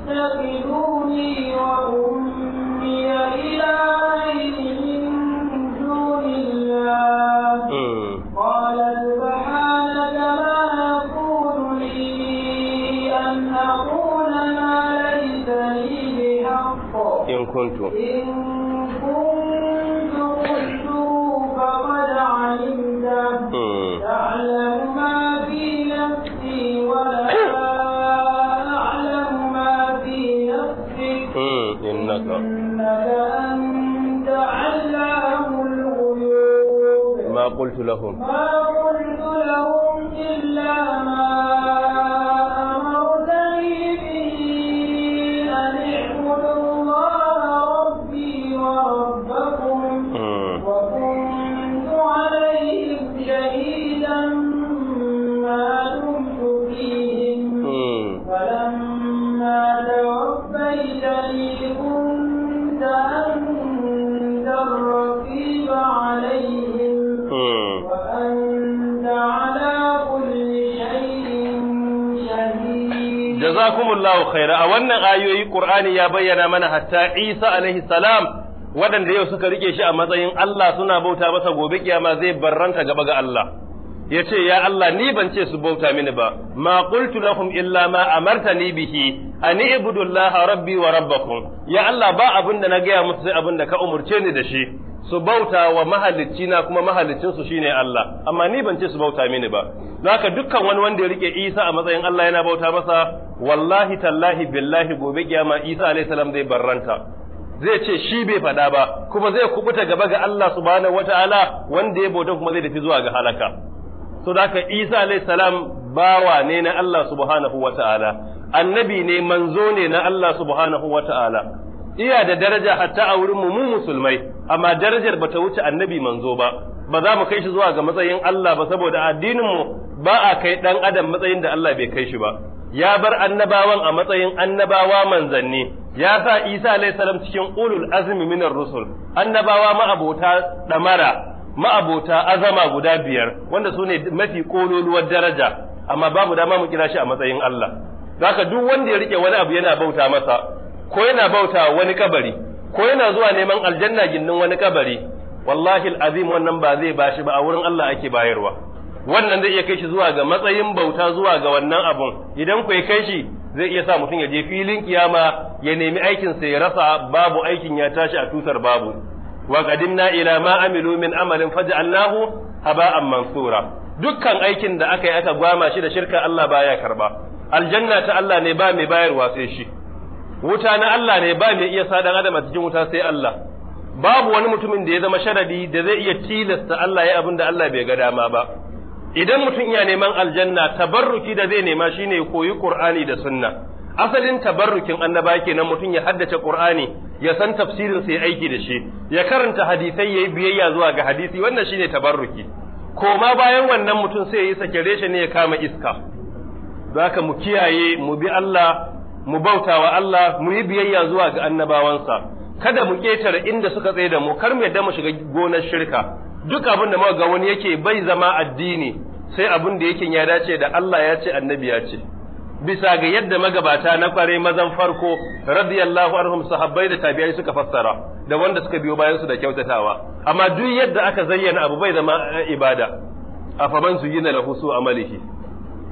اتخذوني وأمي من دون الله قال سبحانك ما لي أن أقول ما ليس لي بحق إن كنت إن كنت فقد علمت تعلم ما أكبر أنت ما قلت لهم ما قلت لهم إلا jazakumullahu khaira a wannan ayoyi Qur'ani ya bayyana mana hatta Isa alaihi salam waɗanda yau suka rike shi a matsayin Allah suna bauta masa gobe kiyama zai barranta gaba ga Allah yace ya Allah ni ban ce su bauta mini ba ma qultu lahum illa ma amartani bihi an ibudullaha rabbi wa rabbakum ya Allah ba abin da na gaya musu sai abin da ka umurce ni da shi su bauta wa mahallici na kuma mahalicin su shine Allah amma ni ban ce su bauta mini ba haka dukkan wani wanda ya rike Isa a matsayin Allah yana bauta masa wallahi tallahi billahi gobe kiyama Isa alayhi salam zai barranta zai ce shi bai faɗa ba kuma zai kubuta gaba ga Allah subhanahu wataala wanda ya bauta kuma zai tafi zuwa ga halaka to haka Isa alayhi salam bawa ne na Allah subhanahu wataala annabi ne manzo ne na Allah subhanahu wataala iya da daraja hatta a wurin mu musulmai amma darajar bata wuce annabi manzo ba ba za mu kai shi zuwa ga matsayin Allah ba saboda addinin mu ba a kai dan adam matsayin da Allah bai kai shi ba ya bar annabawan a matsayin annabawa manzanni ya sa Isa alayhi salam cikin ulul azmi minar rusul annabawa ma'abota damara ma'abota azama guda biyar wanda su ne mafi kololuwar daraja amma babu dama mu kira shi a matsayin Allah zaka duk wanda ya rike wani abu yana bauta masa ko yana bauta wani kabari ko yana zuwa neman aljanna ginnin wani kabari wallahi alazim wannan ba zai bashi ba a wurin Allah ake bayarwa wannan zai iya kai shi zuwa ga matsayin bauta zuwa ga wannan abun idan ku kai shi zai iya sa mutum ya je filin kiyama ya nemi aikin sa ya rasa babu aikin ya tashi a tusar babu wa qadimna ila ma amilu min amalin faj'alnahu haba'an mansura dukkan aikin da aka yi aka gwama shi da shirka Allah baya karba aljanna ta Allah ne ba mai bayarwa sai shi wuta na Allah ne ba mai iya sa dan adam a cikin wuta sai Allah babu wani mutumin da ya zama sharadi da zai iya tilasta Allah ya abin da Allah bai ga dama ba idan mutum iya neman aljanna tabarruki da zai nema shine ya koyi Qur'ani da sunna asalin tabarrukin annaba kenan mutum ya haddace Qur'ani ya san tafsirin sai aiki da shi ya karanta hadisai yayi biyayya zuwa ga hadisi wannan shine tabarruki koma bayan wannan mutum sai ya yi sakire shi ne ya kama iska zaka mu kiyaye mu bi Allah mu bauta wa Allah mu yi biyayya zuwa ga annabawansa kada mu ketare inda suka tsaye da mu kar mu yadda mu shiga gonar shirka duk abin da muka ga wani yake bai zama addini sai abin da yake ya dace da Allah ya ce annabi ya ce bisa ga yadda magabata na kware mazan farko radiyallahu anhum sahabbai da tabi'ai suka fassara da wanda suka biyo bayan su da kyautatawa amma duk yadda aka zayyana abu bai zama eh, ibada afaman su yina lahu su amalihi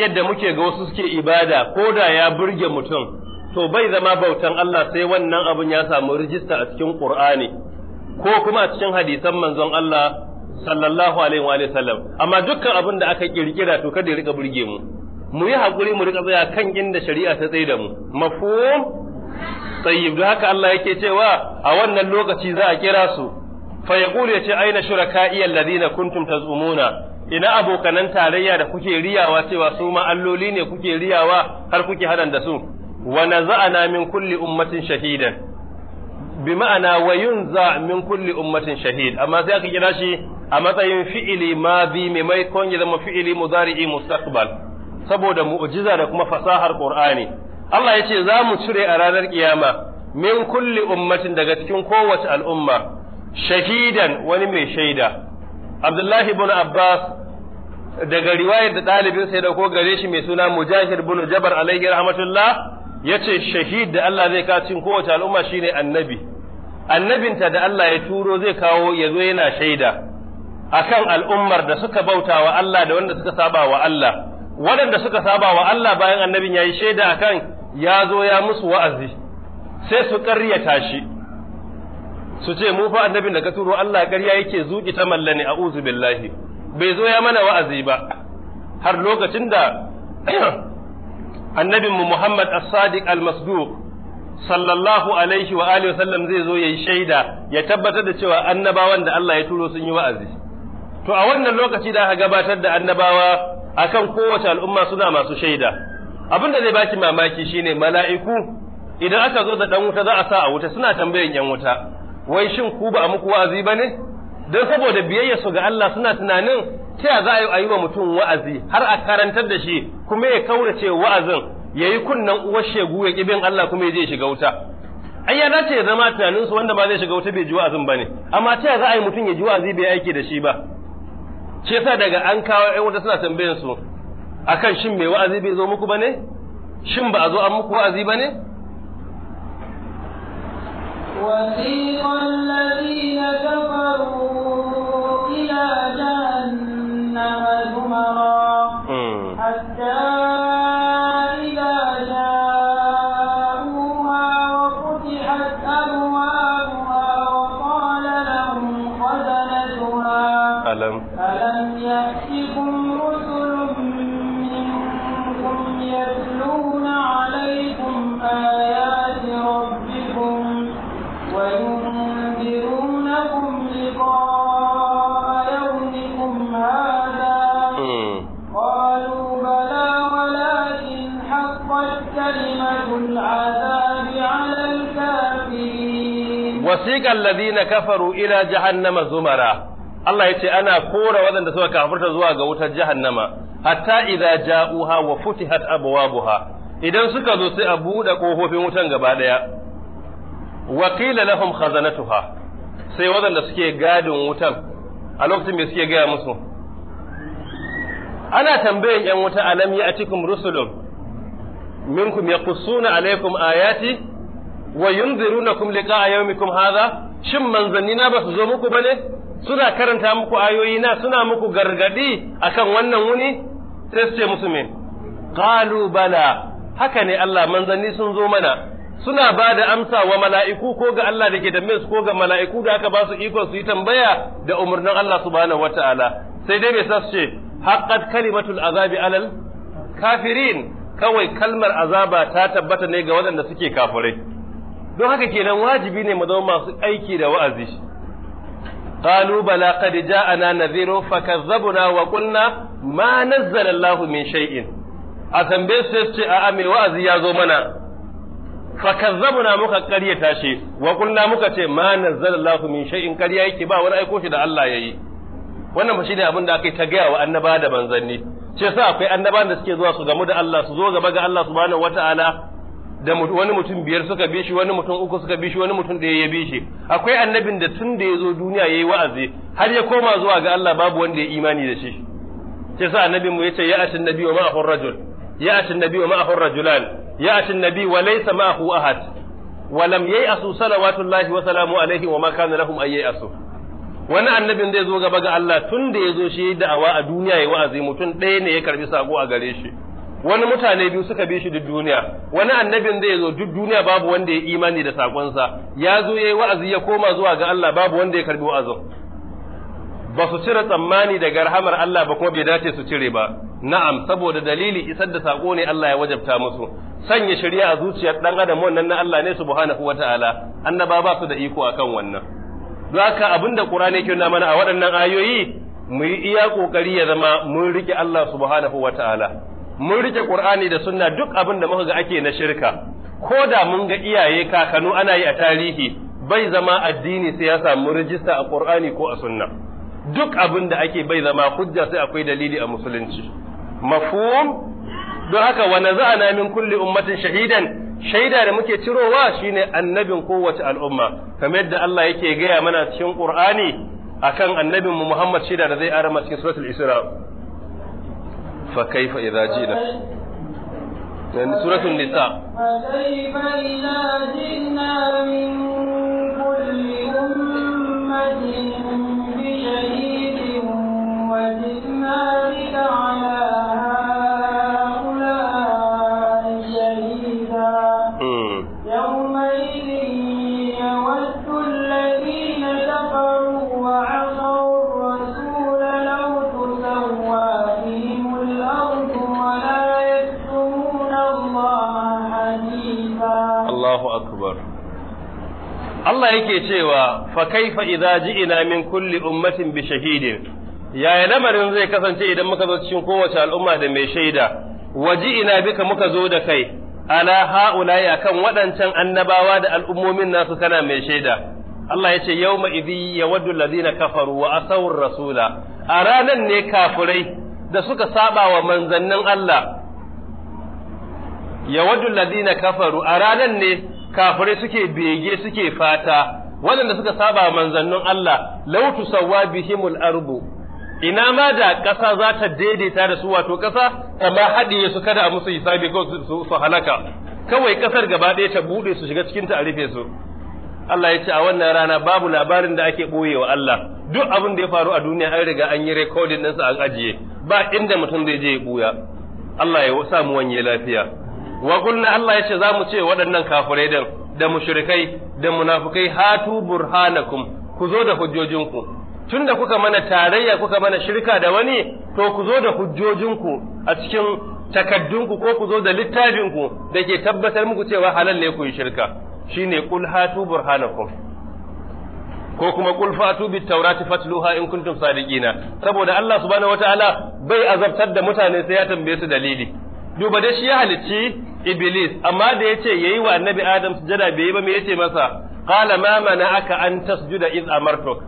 yadda muke ga wasu suke ibada ko da ya burge mutum to bai zama bautan Allah sai wannan abun ya samu rijista a cikin Qur'ani ko kuma a cikin hadisan manzon Allah sallallahu alaihi wa sallam amma dukkan abin da aka kirkira to kada ya rika burge mu mu yi hakuri mu rika tsaya kan inda shari'a ta tsaye da mu mafhum tayyib da haka Allah yake cewa a wannan lokaci za a kira su fa yaqulu ce aina shuraka'i alladhina kuntum tazumuna ina abokanan tarayya da kuke riyawa cewa su ma ne kuke riyawa har kuke hadan da su wa naza'ana min kulli ummatin shahidan bi ma'ana wa yunza min kulli ummatin shahid amma sai aka kira shi a matsayin fi'ili madhi mai mai kon ya zama fi'ili mudari'i mustaqbal saboda mu'jiza da kuma fasahar qur'ani Allah ya ce za mu cire a ranar kiyama min kulli ummatin daga cikin kowace al'umma shahidan wani mai shaida Abdullahi ibn Abbas daga riwayar da ɗalibinsa ya da ko gare shi mai suna Mujahid ibn Jabar alaihi rahmatullah ce shahid da Allah zai kawo cikin kowace al'umma shi ne annabi annabinta da Allah ya turo zai kawo ya zo yana shaida akan al'ummar da suka bauta wa Allah da wanda suka saba Allah waɗanda suka sabawa Allah bayan annabin yayi shaida akan ya zo ya musu wa'azi sai su ƙaryata tashi. su ce mu fa annabin da ka turo Allah ƙarya yake zuki ta mallani a'udhu billahi bai zo ya mana wa'azi ba har lokacin da annabin mu Muhammad as-Sadiq al-Masduq sallallahu alaihi wa alihi wasallam zai zo yayi shaida ya tabbatar da cewa annabawan da Allah ya turo sun yi wa'azi to a wannan lokaci da aka gabatar da annabawa akan kowace al'umma suna masu shaida abin da zai baki mamaki shine mala'iku idan aka zo da dan wuta za a sa a wuta suna tambayan yan wuta wai shin ku ba a muku wa'azi ba ne don saboda biyayya su ga Allah suna tunanin ta za a yi wa mutum wa'azi har a karantar da shi kuma ya kaurace wa'azin ya yi kunnen uwar shegu ya ƙibin Allah kuma ya je shiga wuta ai ya dace ya zama tunanin su wanda ba zai shiga wuta bai ji wa'azin ba ne amma ta za a yi mutum ya ji wa'azi bai aiki da shi ba Ce sa daga an kawo yan wata suna tambayan su akan shin mai wa'azi bai zo muku ba ne shin ba a zo an muku wa'azi ba ne حتى wasiqal ladina kafaru ila jahannama zumara Allah ya ce ana kora wadanda suka kafirta zuwa ga wutar jahannama hatta idza ja'uha wa futihat abwabuha idan suka zo sai a buɗe kofofin wutan gaba daya wa qila lahum khazanatuha sai waɗanda suke gadin wutan a lokacin me suke gaya musu ana tambayan yan wuta alam ya'tikum rusulun minkum yaqussuna alaikum ayati wa yunzirunakum liqa'a yawmikum hadha shin manzanni na ba su zo muku bane suna karanta muku ayoyi na suna muku gargadi akan wannan wuni sai su ce musu me qalu bala haka ne Allah manzanni sun zo mana suna ba da amsa wa mala'iku ko ga Allah da ke da su ko ga mala'iku da aka ba su ikon su yi tambaya da umarnin Allah subhanahu wata'ala sai dai me sa su ce haqqat kalimatul azabi alal kafirin kawai kalmar azaba ta tabbata ne ga waɗanda suke kafirai don haka kenan wajibi ne mu zama masu aiki da wa'azi qalu bala qad ja'ana nadhiru fakazzabna wa qulna ma nazzala Allahu min shay'in a tambaye su ce a amin wa'azi ya zo mana fakazzabna muka kariya shi wa qulna muka ce ma nazzala Allahu min shay'in karya yake ba wani aiko shi da Allah yayi wannan ba shine abin da aka ta gaya wa annaba da manzanni ce sa akwai annaban da suke zuwa su gamu da Allah su zo gaba ga Allah subhanahu wataala da wani mutum biyar suka bi shi wani mutum uku suka bi shi wani mutum ɗaya ya bi shi akwai annabin da tun da ya zo duniya ya yi wa'azi har ya koma zuwa ga Allah babu wanda ya imani da shi ce sa annabin mu yace ya atin nabi wa ma'ahu rajul ya atin nabi wa ma'ahu rajulan ya atin nabi wa laysa ma'ahu ahad wa lam yai'asu salawatullahi wa salamu alaihi wa ma kana lahum asu wani annabin zai zo gaba ga Allah tun da ya zo shi da'awa a duniya ya wa'azi mutum ɗaya ne ya karbi sako a gare shi wani mutane biyu suka bi shi duk duniya wani annabin zai zo duk duniya babu wanda ya imani da sakonsa ya zo yayi wa'azi ya koma zuwa ga Allah babu wanda ya karbi wa'azin ba su cire tsammani daga rahamar Allah ba kuma bai dace su cire ba na'am saboda dalili isar da sako ne Allah ya wajabta musu sanya shari'a a zuciyar dan adam wannan na Allah ne subhanahu wataala annaba ba su da iko akan wannan don haka abinda Qur'ani ke nuna mana a waɗannan ayoyi mu yi iya kokari ya zama mun rike Allah subhanahu wataala mun rike Qur'ani da sunna duk abin da muka ga ake na shirka ko da mun ga iyaye kakanu ana yi a tarihi bai zama addini sai ya samu rijista a Qur'ani ko a sunna duk abin da ake bai zama hujja sai akwai dalili a musulunci mafhum don haka wa naza'ana min kulli ummatin shahidan shaida da muke cirowa shine annabin kowace al'umma kamar yadda Allah yake gaya mana cikin Qur'ani akan annabin mu Muhammad shida da zai arama cikin suratul Isra فكيف إذا جئنا يعني سورة النساء فكيف إذا جئنا من كل أمة بشهيد وجئنا بك على هؤلاء Allah yake cewa fa kaifa idza ji'ina min kulli ummatin bi shahidin yaya lamarin zai kasance idan muka zo cikin kowace al'umma da mai shaida waji'ina bika muka zo da kai ala ya kan waɗancan annabawa da al'ummomin nasu kana mai shaida Allah ya ce yawma idhi yawaddu allazina kafaru wa asawur rasula a ranan ne kafirai da suka saba wa manzannin Allah yawaddu allazina kafaru a ranan ne kafirai suke bege suke fata waɗanda suka saba manzannin Allah Lautu, Sawa, bihimul ardu ina ma da ƙasa za ta daidaita da su wato ƙasa Amma haɗiye su kada a musu hisabi ko su halaka kawai ƙasar gaba ɗaya ta buɗe su shiga cikin ta a rufe su Allah ya ce a wannan rana babu labarin da ake ɓoye Allah duk abin da ya faru a duniya an riga an yi rekodin ɗinsa an ajiye ba inda mutum zai je ya ɓuya Allah ya sa mu wanye lafiya wa kullu Allah ce za mu ce waɗannan kafirai din da mushrikai da munafukai hatu burhanakum ku zo da hujjojinku tunda kuka mana tarayya kuka mana shirka da wani to ku zo da hujjojinku a cikin takaddunku ko ku zo da littafinku da ke tabbatar muku cewa halal ne ku yi shirka shine qul hatu burhanakum ko kuma qul fatu bit tawrati fatluha in kuntum sadiqina saboda Allah subhanahu wataala bai azabtar da mutane sai ya tambaye su dalili duba dai shi ya halicci iblis amma da yace yi wa annabi adam sujada bai yi ba me yace masa qala ma mana aka an tasjuda iz amartok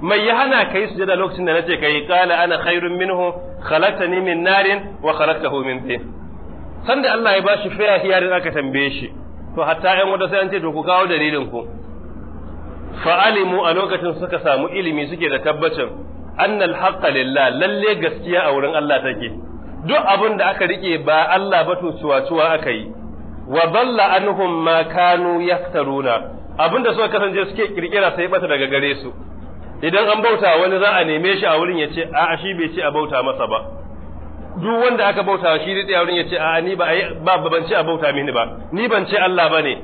mai ya hana kai sujada lokacin da nace kai qala ana khairun minhu khalaqtani min narin wa khalaqtahu min tin sanda Allah ya bashi fair hearing aka tambaye shi to hatta ƴan wata sai an ce to ku kawo dalilin ku fa'alimu a lokacin suka samu ilimi suke da tabbacin annal haqqa lillah lalle gaskiya a wurin Allah take duk abin da aka rike ba Allah ba to aka yi wa dalla anhum ma kanu yaftaruna da suka kasance suke kirkira sai bata daga gare su idan an bauta wani za a neme shi a wurin ya ce a'a shi bai ce a bauta masa ba duk wanda aka bauta shi da a wurin ya ce a'a ni ba ba ban ce a bauta mini ba ni ban ce Allah bane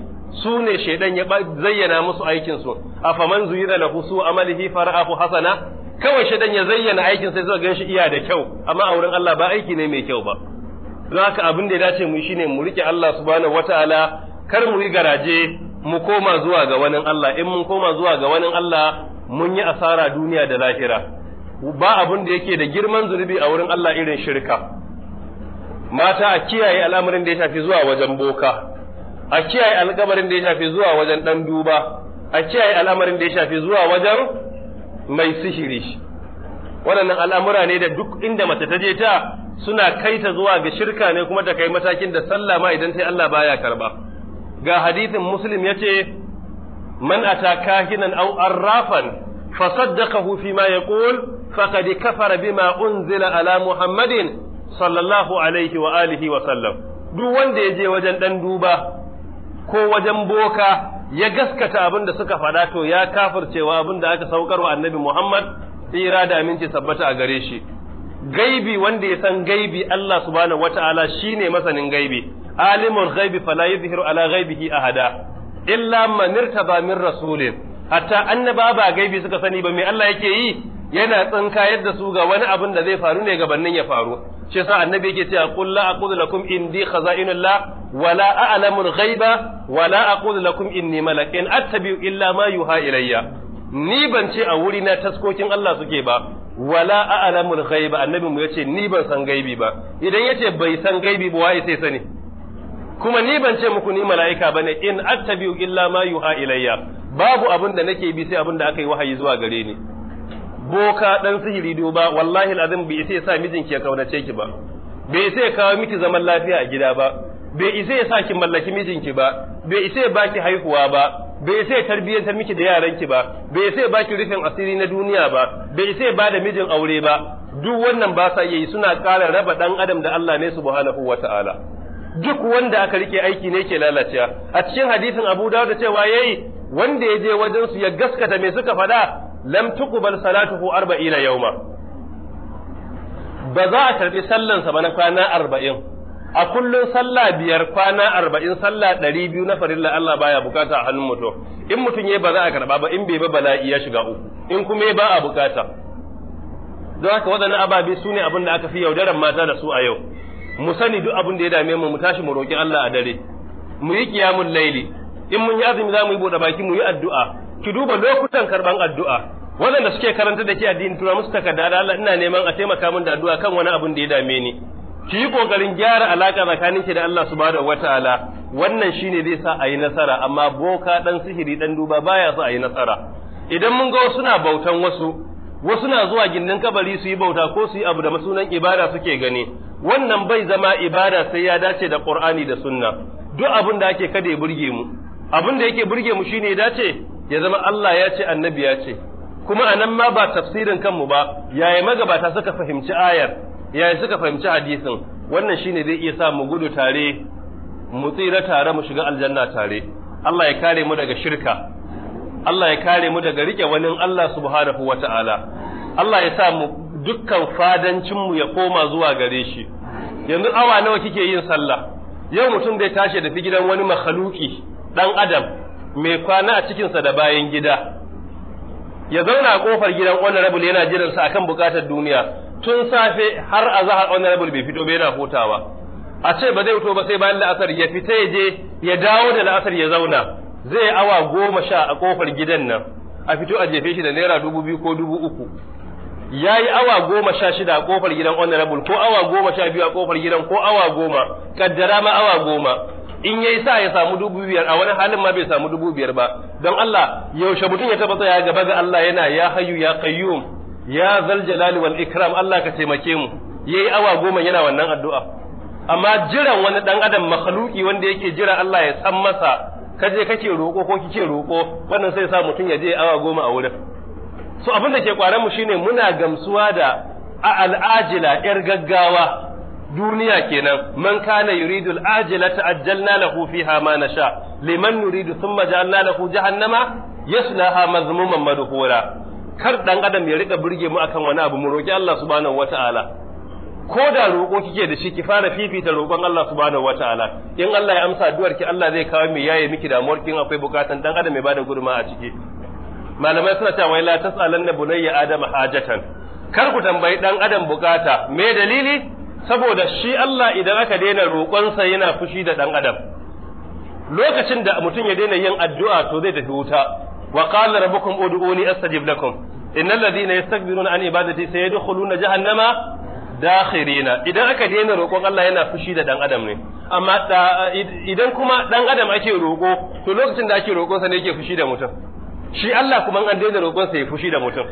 su ne shaidan ya zayyana musu aikin su afaman zuyira lahu su amalihi fara'ahu hasana kawai dan ya zayyana aikin sai suka ganshi iya da kyau amma a wurin Allah ba aiki ne mai kyau ba don haka abin da ya dace mu shine mu rike Allah subhanahu wataala kar mu yi garaje mu koma zuwa ga wani Allah in mun koma zuwa ga wani Allah mun yi asara duniya da lahira ba abin da yake da girman zunubi a wurin Allah irin shirka mata a kiyaye al'amarin da ya shafi zuwa wajen boka a kiyaye alƙabarin da ya shafi zuwa wajen dan duba a kiyaye al'amarin da ya shafi zuwa wajen mai sihiri waɗannan al'amura ne da duk inda mace ta je ta suna kai ta zuwa ga shirka ne kuma ta kai matakin da sallah ma idan sai Allah baya karba ga hadithin muslim yace man ata kahinan aw arrafan fa saddaqahu fi ma yaqul faqad kafara bima unzila ala muhammadin sallallahu alaihi wa alihi wa sallam duk wanda ya je wajen ɗan duba ko wajen boka ya gaskata abin da suka faɗa to ya kafircewa abin da aka saukar wa annabi Muhammad tsira da aminci sabbata a gare shi gaibi wanda ya san gaibi Allah subhanahu wata'ala shine masanin gaibi alimul ghaibi fala yuzhiru ala ghaibihi ahada illa man irtaba min rasulin hatta annaba ba gaibi suka sani ba me Allah yake yi yana tsinka yadda su ga wani abin da zai faru ne gabanin ya faru shi sa annabi yake cewa qul la aqulu lakum indi khaza'inullah wala la a'lamu al-ghaiba wa la aqulu lakum inni malak in attabi'u illa ma yuha ilayya ni ban ce a wuri na taskokin Allah suke ba wala a'lamu al-ghaiba annabi mu yace ni ban san gaibi ba idan yace bai san gaibi ba wai sai sani kuma ni ban ce muku ni mala'ika bane in attabi'u illa ma yuha ilayya babu abin da nake bi sai abin da aka yi wahayi zuwa gare ni boka dan sihiri duba wallahi alazim bai sai sa mijinki ya kaunace ki ba bai sai ya kawo miki zaman lafiya a gida ba bai isa ya sa ki mallaki mijinki ba bai isa ya baki haihuwa ba bai sai ya tarbiyyantar miki da yaran ki ba bai sai ya baki rufin asiri na duniya ba bai sai ya bada mijin aure ba duk wannan ba sa yi suna ƙara raba dan adam da Allah ne subhanahu wata'ala duk wanda aka rike aiki ne ke lalacewa a cikin hadisin Abu Dawud cewa yayi wanda ya je wajen su ya gaskata me suka faɗa lam tuqbal salatuhu 40 yawma ba za a karbi sallansa ba na kwana 40 a kullum sallah biyar kwana 40 sallah biyu na farilla Allah baya bukata a hannun mutum in mutum yayi ba za a karba ba in bai ba bala'i ya shiga uku in kuma ya ba a bukata don haka waɗannan ababe su ne abin da aka fi yaudaran mata da su a yau mu sani duk abin da ya dame mu mu tashi mu roki Allah a dare mu yi kiyamul laili in mun yi azumi za mu yi bude baki mu yi addu'a ki duba lokutan karban addu'a waɗanda suke karanta da ke addini tura musu takarda da Allah ina neman a taimaka min da addu'a kan wani abu da ya dame ni ki yi kokarin gyara alaka tsakanin ki da Allah subhanahu wataala wannan shine zai sa ayi nasara amma boka dan sihiri dan duba baya sa ayi nasara idan mun ga wasu bautan wasu wasu na zuwa gindin kabari su yi bauta ko su yi abu da masunan ibada suke gani wannan bai zama ibada sai ya dace da Qur'ani da Sunna duk abin da ake kada ya burge mu abin da yake burge mu shine ya dace ya zama Allah ya ce annabi ya ce kuma nan ma ba tafsirin kanmu ba yaya magabata suka fahimci ayar yaya suka fahimci hadisin wannan shine zai iya sa mu gudu tare mu tsira tare mu shiga aljanna tare Allah ya kare mu daga shirka Allah ya kare mu daga rike wani Allah subhanahu wata'ala Allah ya sa mu dukkan fadancin mu ya koma zuwa gare shi yanzu awa nawa kike yin sallah yau mutum zai tashi da fi gidan wani makhaluki dan adam mai kwana a cikinsa da bayan gida ya zauna a ƙofar gidan rabul yana sa akan bukatar duniya tun safe har a azahar rabul bai fito bai yana hutawa a ce ba zai fito ba sai bayan la'asar ya fita ya je ya dawo da la'asar ya zauna zai awa goma sha a ƙofar gidan nan a fito a jefe shi da naira dubu biyu ko dubu uku ya yi awa goma sha shida a kofar gidan honorable ko awa goma sha biyu a kofar gidan ko awa goma kaddara ma awa goma in ya sa ya samu dubu biyar a wani halin ma bai samu dubu biyar ba don Allah yaushe mutum ya tabbata ya gaba ga Allah yana ya hayu ya qayyum ya zal jalali wal ikram Allah ka taimake mu yayi awa goma yana wannan addu'a amma jiran wani dan adam makhluki wanda yake jira Allah ya san masa kaje kake roko ko kike roko wannan sai sa mutum ya je awa goma a wurin so abin da ke mu shine muna gamsuwa da a al'ajila yar gaggawa duniya kenan man kana yuridu al'ajila ta'ajjalna lahu fiha ma nasha liman yuridu thumma ja'alna lahu jahannama yaslaha mazmuman madhura kar dan adam ya rika burge mu akan wani abu mu roki Allah subhanahu wataala ko da roƙo kike da shi ki fara fifita roƙon Allah subhanahu wataala in Allah ya amsa addu'ar ki Allah zai kawo mai yaye miki damuwar kin akwai bukatan dan adam mai bada gurma a ciki malamai suna cewa wai la tas'alanna bunayya adama hajatan kar ku tambayi dan adam bukata me dalili saboda shi Allah idan aka daina roƙonsa yana fushi da dan adam lokacin da mutum ya daina yin addu'a to zai tafi wuta wa qala rabbukum ud'uni astajib lakum innal ladina yastakbiruna an ibadati sayadkhuluna jahannama dakhirina idan aka daina roƙon Allah yana fushi da dan adam ne amma idan kuma dan adam ake roƙo to lokacin da ake sa ne yake fushi da mutum shi Allah kuma an daina roƙon sa ya fushi da mutum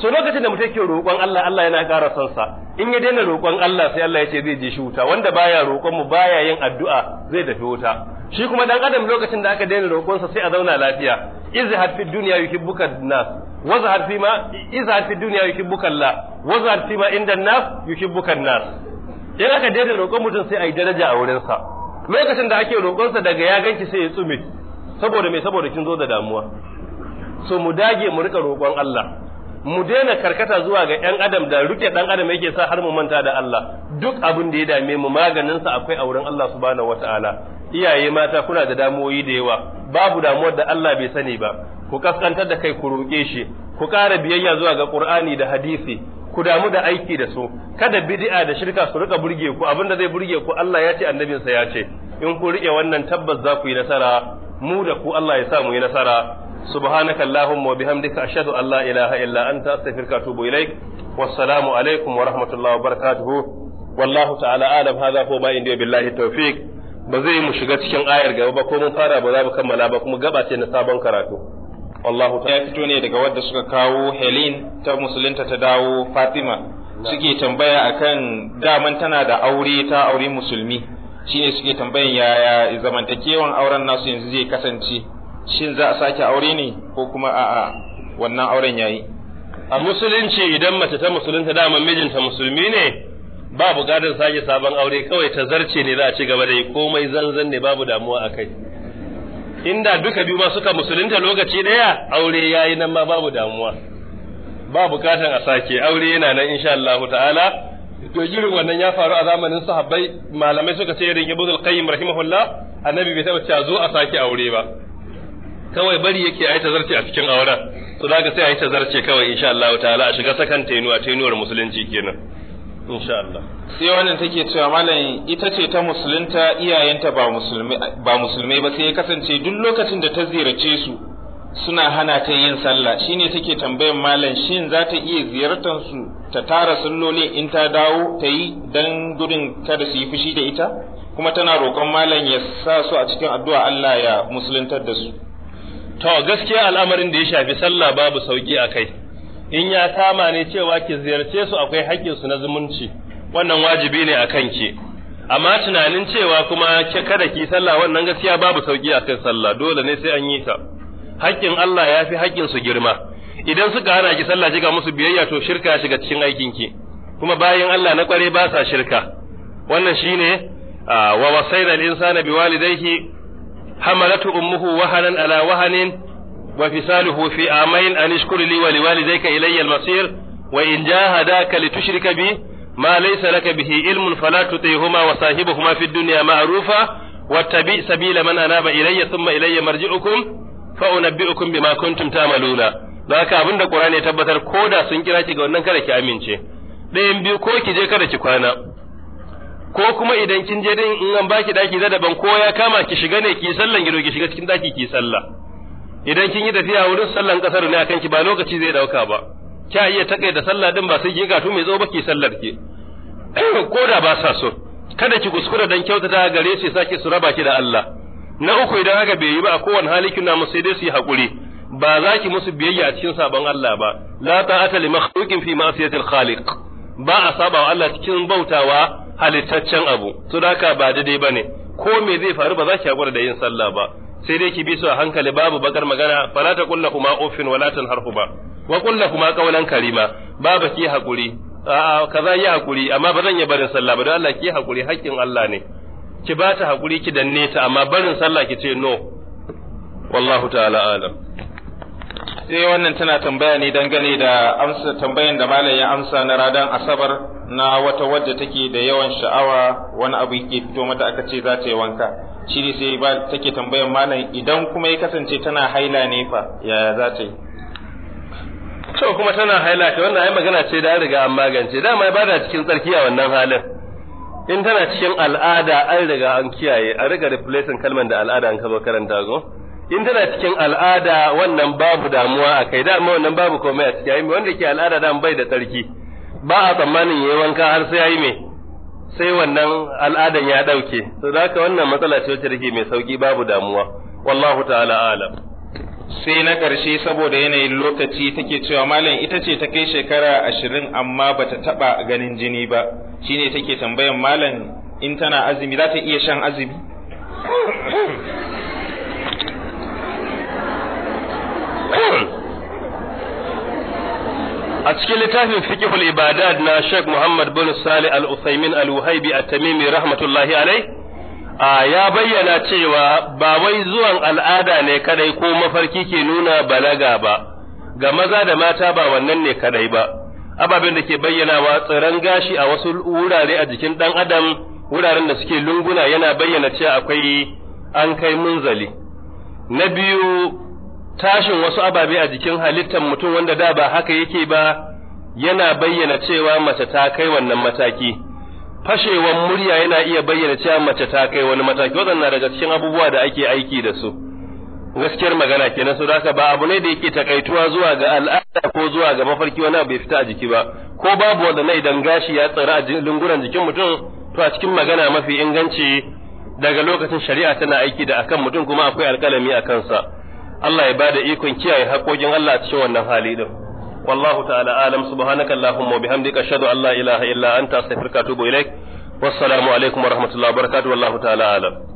so lokacin da mutum ke roƙon Allah Allah yana ƙara son sa in ya daina roƙon Allah sai Allah ya ce zai je shi wuta wanda baya roƙon mu baya yin addu'a zai tafi wuta shi kuma dan adam lokacin da aka daina roƙon sa sai a zauna lafiya izhar fi dunya yuhibbuka nas wazhar fi ma izhar fi dunya yuhibbuka Allah wazhar fi ma inda nas yuhibbuka nas in aka daina roƙon mutum sai ai daraja a wurin sa lokacin da ake roƙon sa daga ya ganki sai ya tsume saboda me saboda kin zo da damuwa so mu dage mu rika roƙon Allah mu daina karkata zuwa ga ɗan adam da rike ɗan adam yake sa har mu manta da Allah duk abin da ya dame mu maganin sa akwai a wurin Allah subhanahu wataala iyaye mata kuna da damuwoyi da yawa babu damuwar da Allah bai sani ba ku kaskantar da kai ku roƙe shi ku ƙara biyayya zuwa ga Qur'ani da hadisi ku damu da aiki da su kada bid'a da shirka su rika burge ku abinda zai burge ku Allah ya ce annabinsa ya ce in ku rike wannan tabbas za ku yi nasara mu da ku Allah ya sa mu yi nasara subhanaka allahumma wa bihamdika ashhadu an la ilaha illa anta astaghfiruka wa atubu ilaik wassalamu alaikum wa rahmatullahi wa barakatuhu wallahu ta'ala alam hadha huwa ma indiya billahi ba zai mu shiga cikin ayar gaba ba ko mun fara ba za mu kammala ba kuma mu ce na sabon karatu wallahu ta fito ne daga wadda suka kawo Helen ta musulunta ta dawo Fatima suke tambaya akan daman tana da aure ta aure musulmi shine suke tambayan yaya zamantakewan auren nasu yanzu zai kasance shin za a sake aure ne ko kuma a'a wannan auren yayi a musulunci idan mace ta musulunta dama mijinta musulmi ne ba bukatar sake sabon aure kawai ta zarce ne za a ci gaba da yi komai zanzan ne babu damuwa a kai inda duka biyu ma suka musulunta lokaci daya aure yayi nan ma babu damuwa ba bukatan a sake aure yana nan insha Allah ta'ala to irin wannan ya faru a zamanin sahabbai malamai suka ce irin Ibn al-Qayyim rahimahullah annabi bai taba cewa zo a sake aure ba kawai bari yake a yi zarce a cikin aure. to za sai a yi zarce kawai insha Allah ta'ala a shiga sakan tainuwa, tainuwar musulunci kenan insha Allah sai wannan take cewa malam ita ce ta musulunta iyayenta ba musulmi ba musulmai ba sai ya kasance duk lokacin da ta ziyarce su suna hana ta yin sallah shine take tambayan malam shin za ta iya ziyartar su ta tara salloli in ta dawo ta yi dan gudun kada su yi fushi da ita kuma tana roƙon malam ya sa su a cikin addu'a Allah ya musuluntar da su to gaskiya al'amarin da ya shafi sallah babu sauki a kai in ya kama ne cewa ki ziyarce su akwai haƙƙin su na zumunci wannan wajibi ne akan ki amma tunanin cewa kuma kada ki sallah wannan gaskiya babu sauki a kan sallah dole ne sai an yi ta haƙƙin Allah ya fi haƙƙin su girma idan suka hana ki sallah kika musu biyayya to shirka ya shiga cikin aikin ki kuma bayan Allah na kware ba sa shirka wannan shine wa wasaina al-insana biwalidayhi hamalatu ummuhu wahanan ala wahanin wa fisaluhu fi amain an ishkur li wa liwalidayka ilayya al-masir wa in jahadaka litushrika bi ma laysa laka bihi ilmun fala tutihuma wa sahibuhuma fi dunya ma'rufa wattabi sabila man anaba ilayya thumma ilayya marji'ukum fa unabbi'ukum bima kuntum ta'maluna da haka abinda Qur'ani ya tabbatar koda sun kira ki ga wannan kada ki amince ɗayan biyu ko ki je kada ki kwana ko kuma idan kin je din in an baki daki da daban ko ya kama ki shiga ne ki sallan gido ki shiga cikin daki ki sallah idan kin yi tafiya wurin sallan kasar ne akan ki ba lokaci zai dauka ba kya iya takai da sallah din ba sai ki gato mai zo ba ki sallar ki ko da ba sa so kada ki kuskura dan kyautata gare shi saki su raba ki da Allah na uku idan haka bai yi ba a kowane hali kina musu sai dai su yi hakuri ba za ki musu biyayya a cikin sabon Allah ba la ta'ata li makhluqin fi ma'siyatil khaliq ba a saba wa Allah cikin bautawa halittaccen abu to haka ba daidai bane ko me zai faru ba za ki hakura da yin sallah ba sai dai ki bi su a hankali babu bakar magana fala ta kulla kuma ofin wala harhu ba wa kullu kuma qawlan karima babu ki hakuri a'a kaza yi hakuri amma ba zan yi barin sallah ba don Allah ki hakuri haƙƙin Allah ne ki ba ta hakuri ki danne ta amma barin sallah ki ce no wallahu ta'ala alam sai eh, wannan tana tambaya ne dangane da amsa tambayan da malam ya amsa na radan asabar na wata wadda take da yawan sha'awa wani abu yake fito mata aka ce za ta yi wanka shi ne sai ba take tambayan malam idan kuma ya kasance tana haila ne fa yaya za ta yi to kuma tana haila ta wannan ai magana ce da an riga an magance dama ba da cikin tsarki a wannan halin in tana cikin al'ada an riga an kiyaye a riga replacing kalmar da al'ada an kaba karanta go in tana cikin al'ada wannan babu damuwa a kai dama wannan babu komai a ciki yayin wanda ke al'ada dan bai da tsarki ba a tsammanin yayi wanka har sai yayi me sai wannan al'adan ya dauke to da haka wannan matsala ce wacce take mai sauki babu damuwa wallahu ta'ala alam sai na karshe saboda yanayin lokaci take cewa malam ita ce ta kai shekara ashirin amma bata taba ganin jini ba shine take tambayan malam in tana azumi za ta iya shan azumi a cikin littafin fiqhul ibadat na Sheikh Muhammad bin Salih Al-Uthaymin Al-Wahibi At-Tamimi rahmatullahi alayh ya bayyana cewa ba wai zuwan al'ada ne kadai ko mafarki ke nuna balaga ba ga maza da mata ba wannan ne kadai ba ababen da ke bayyana bayyanawa tsaron gashi a wasu wurare a jikin dan adam wuraren da suke lunguna yana bayyana cewa akwai an kai munzali na biyu tashin wasu ababe a jikin halittar mutum wanda da ba haka yake ba yana bayyana cewa mace ta kai wannan mataki fashewan murya yana iya bayyana cewa mace ta kai wani mataki waɗannan daga cikin abubuwa da ake aiki da su gaskiyar magana kenan su haka ba abu ne da yake takaituwa zuwa ga al'ada ko zuwa ga mafarki wani abu bai fita a jiki ba ko babu wanda idan gashi ya tsara a lunguran jikin mutum to a cikin magana mafi inganci daga lokacin shari'a tana aiki da akan mutum kuma akwai alƙalami a kansa Allah ya ba da ikon kiyaye haƙoƙin Allah a cikin wannan hali din wallahu ta'ala alam subhanaka allahumma wa bihamdika ashhadu an la ilaha illa anta astaghfiruka wa atubu ilaik wassalamu alaikum wa rahmatullahi wa barakatuh wallahu ta'ala alam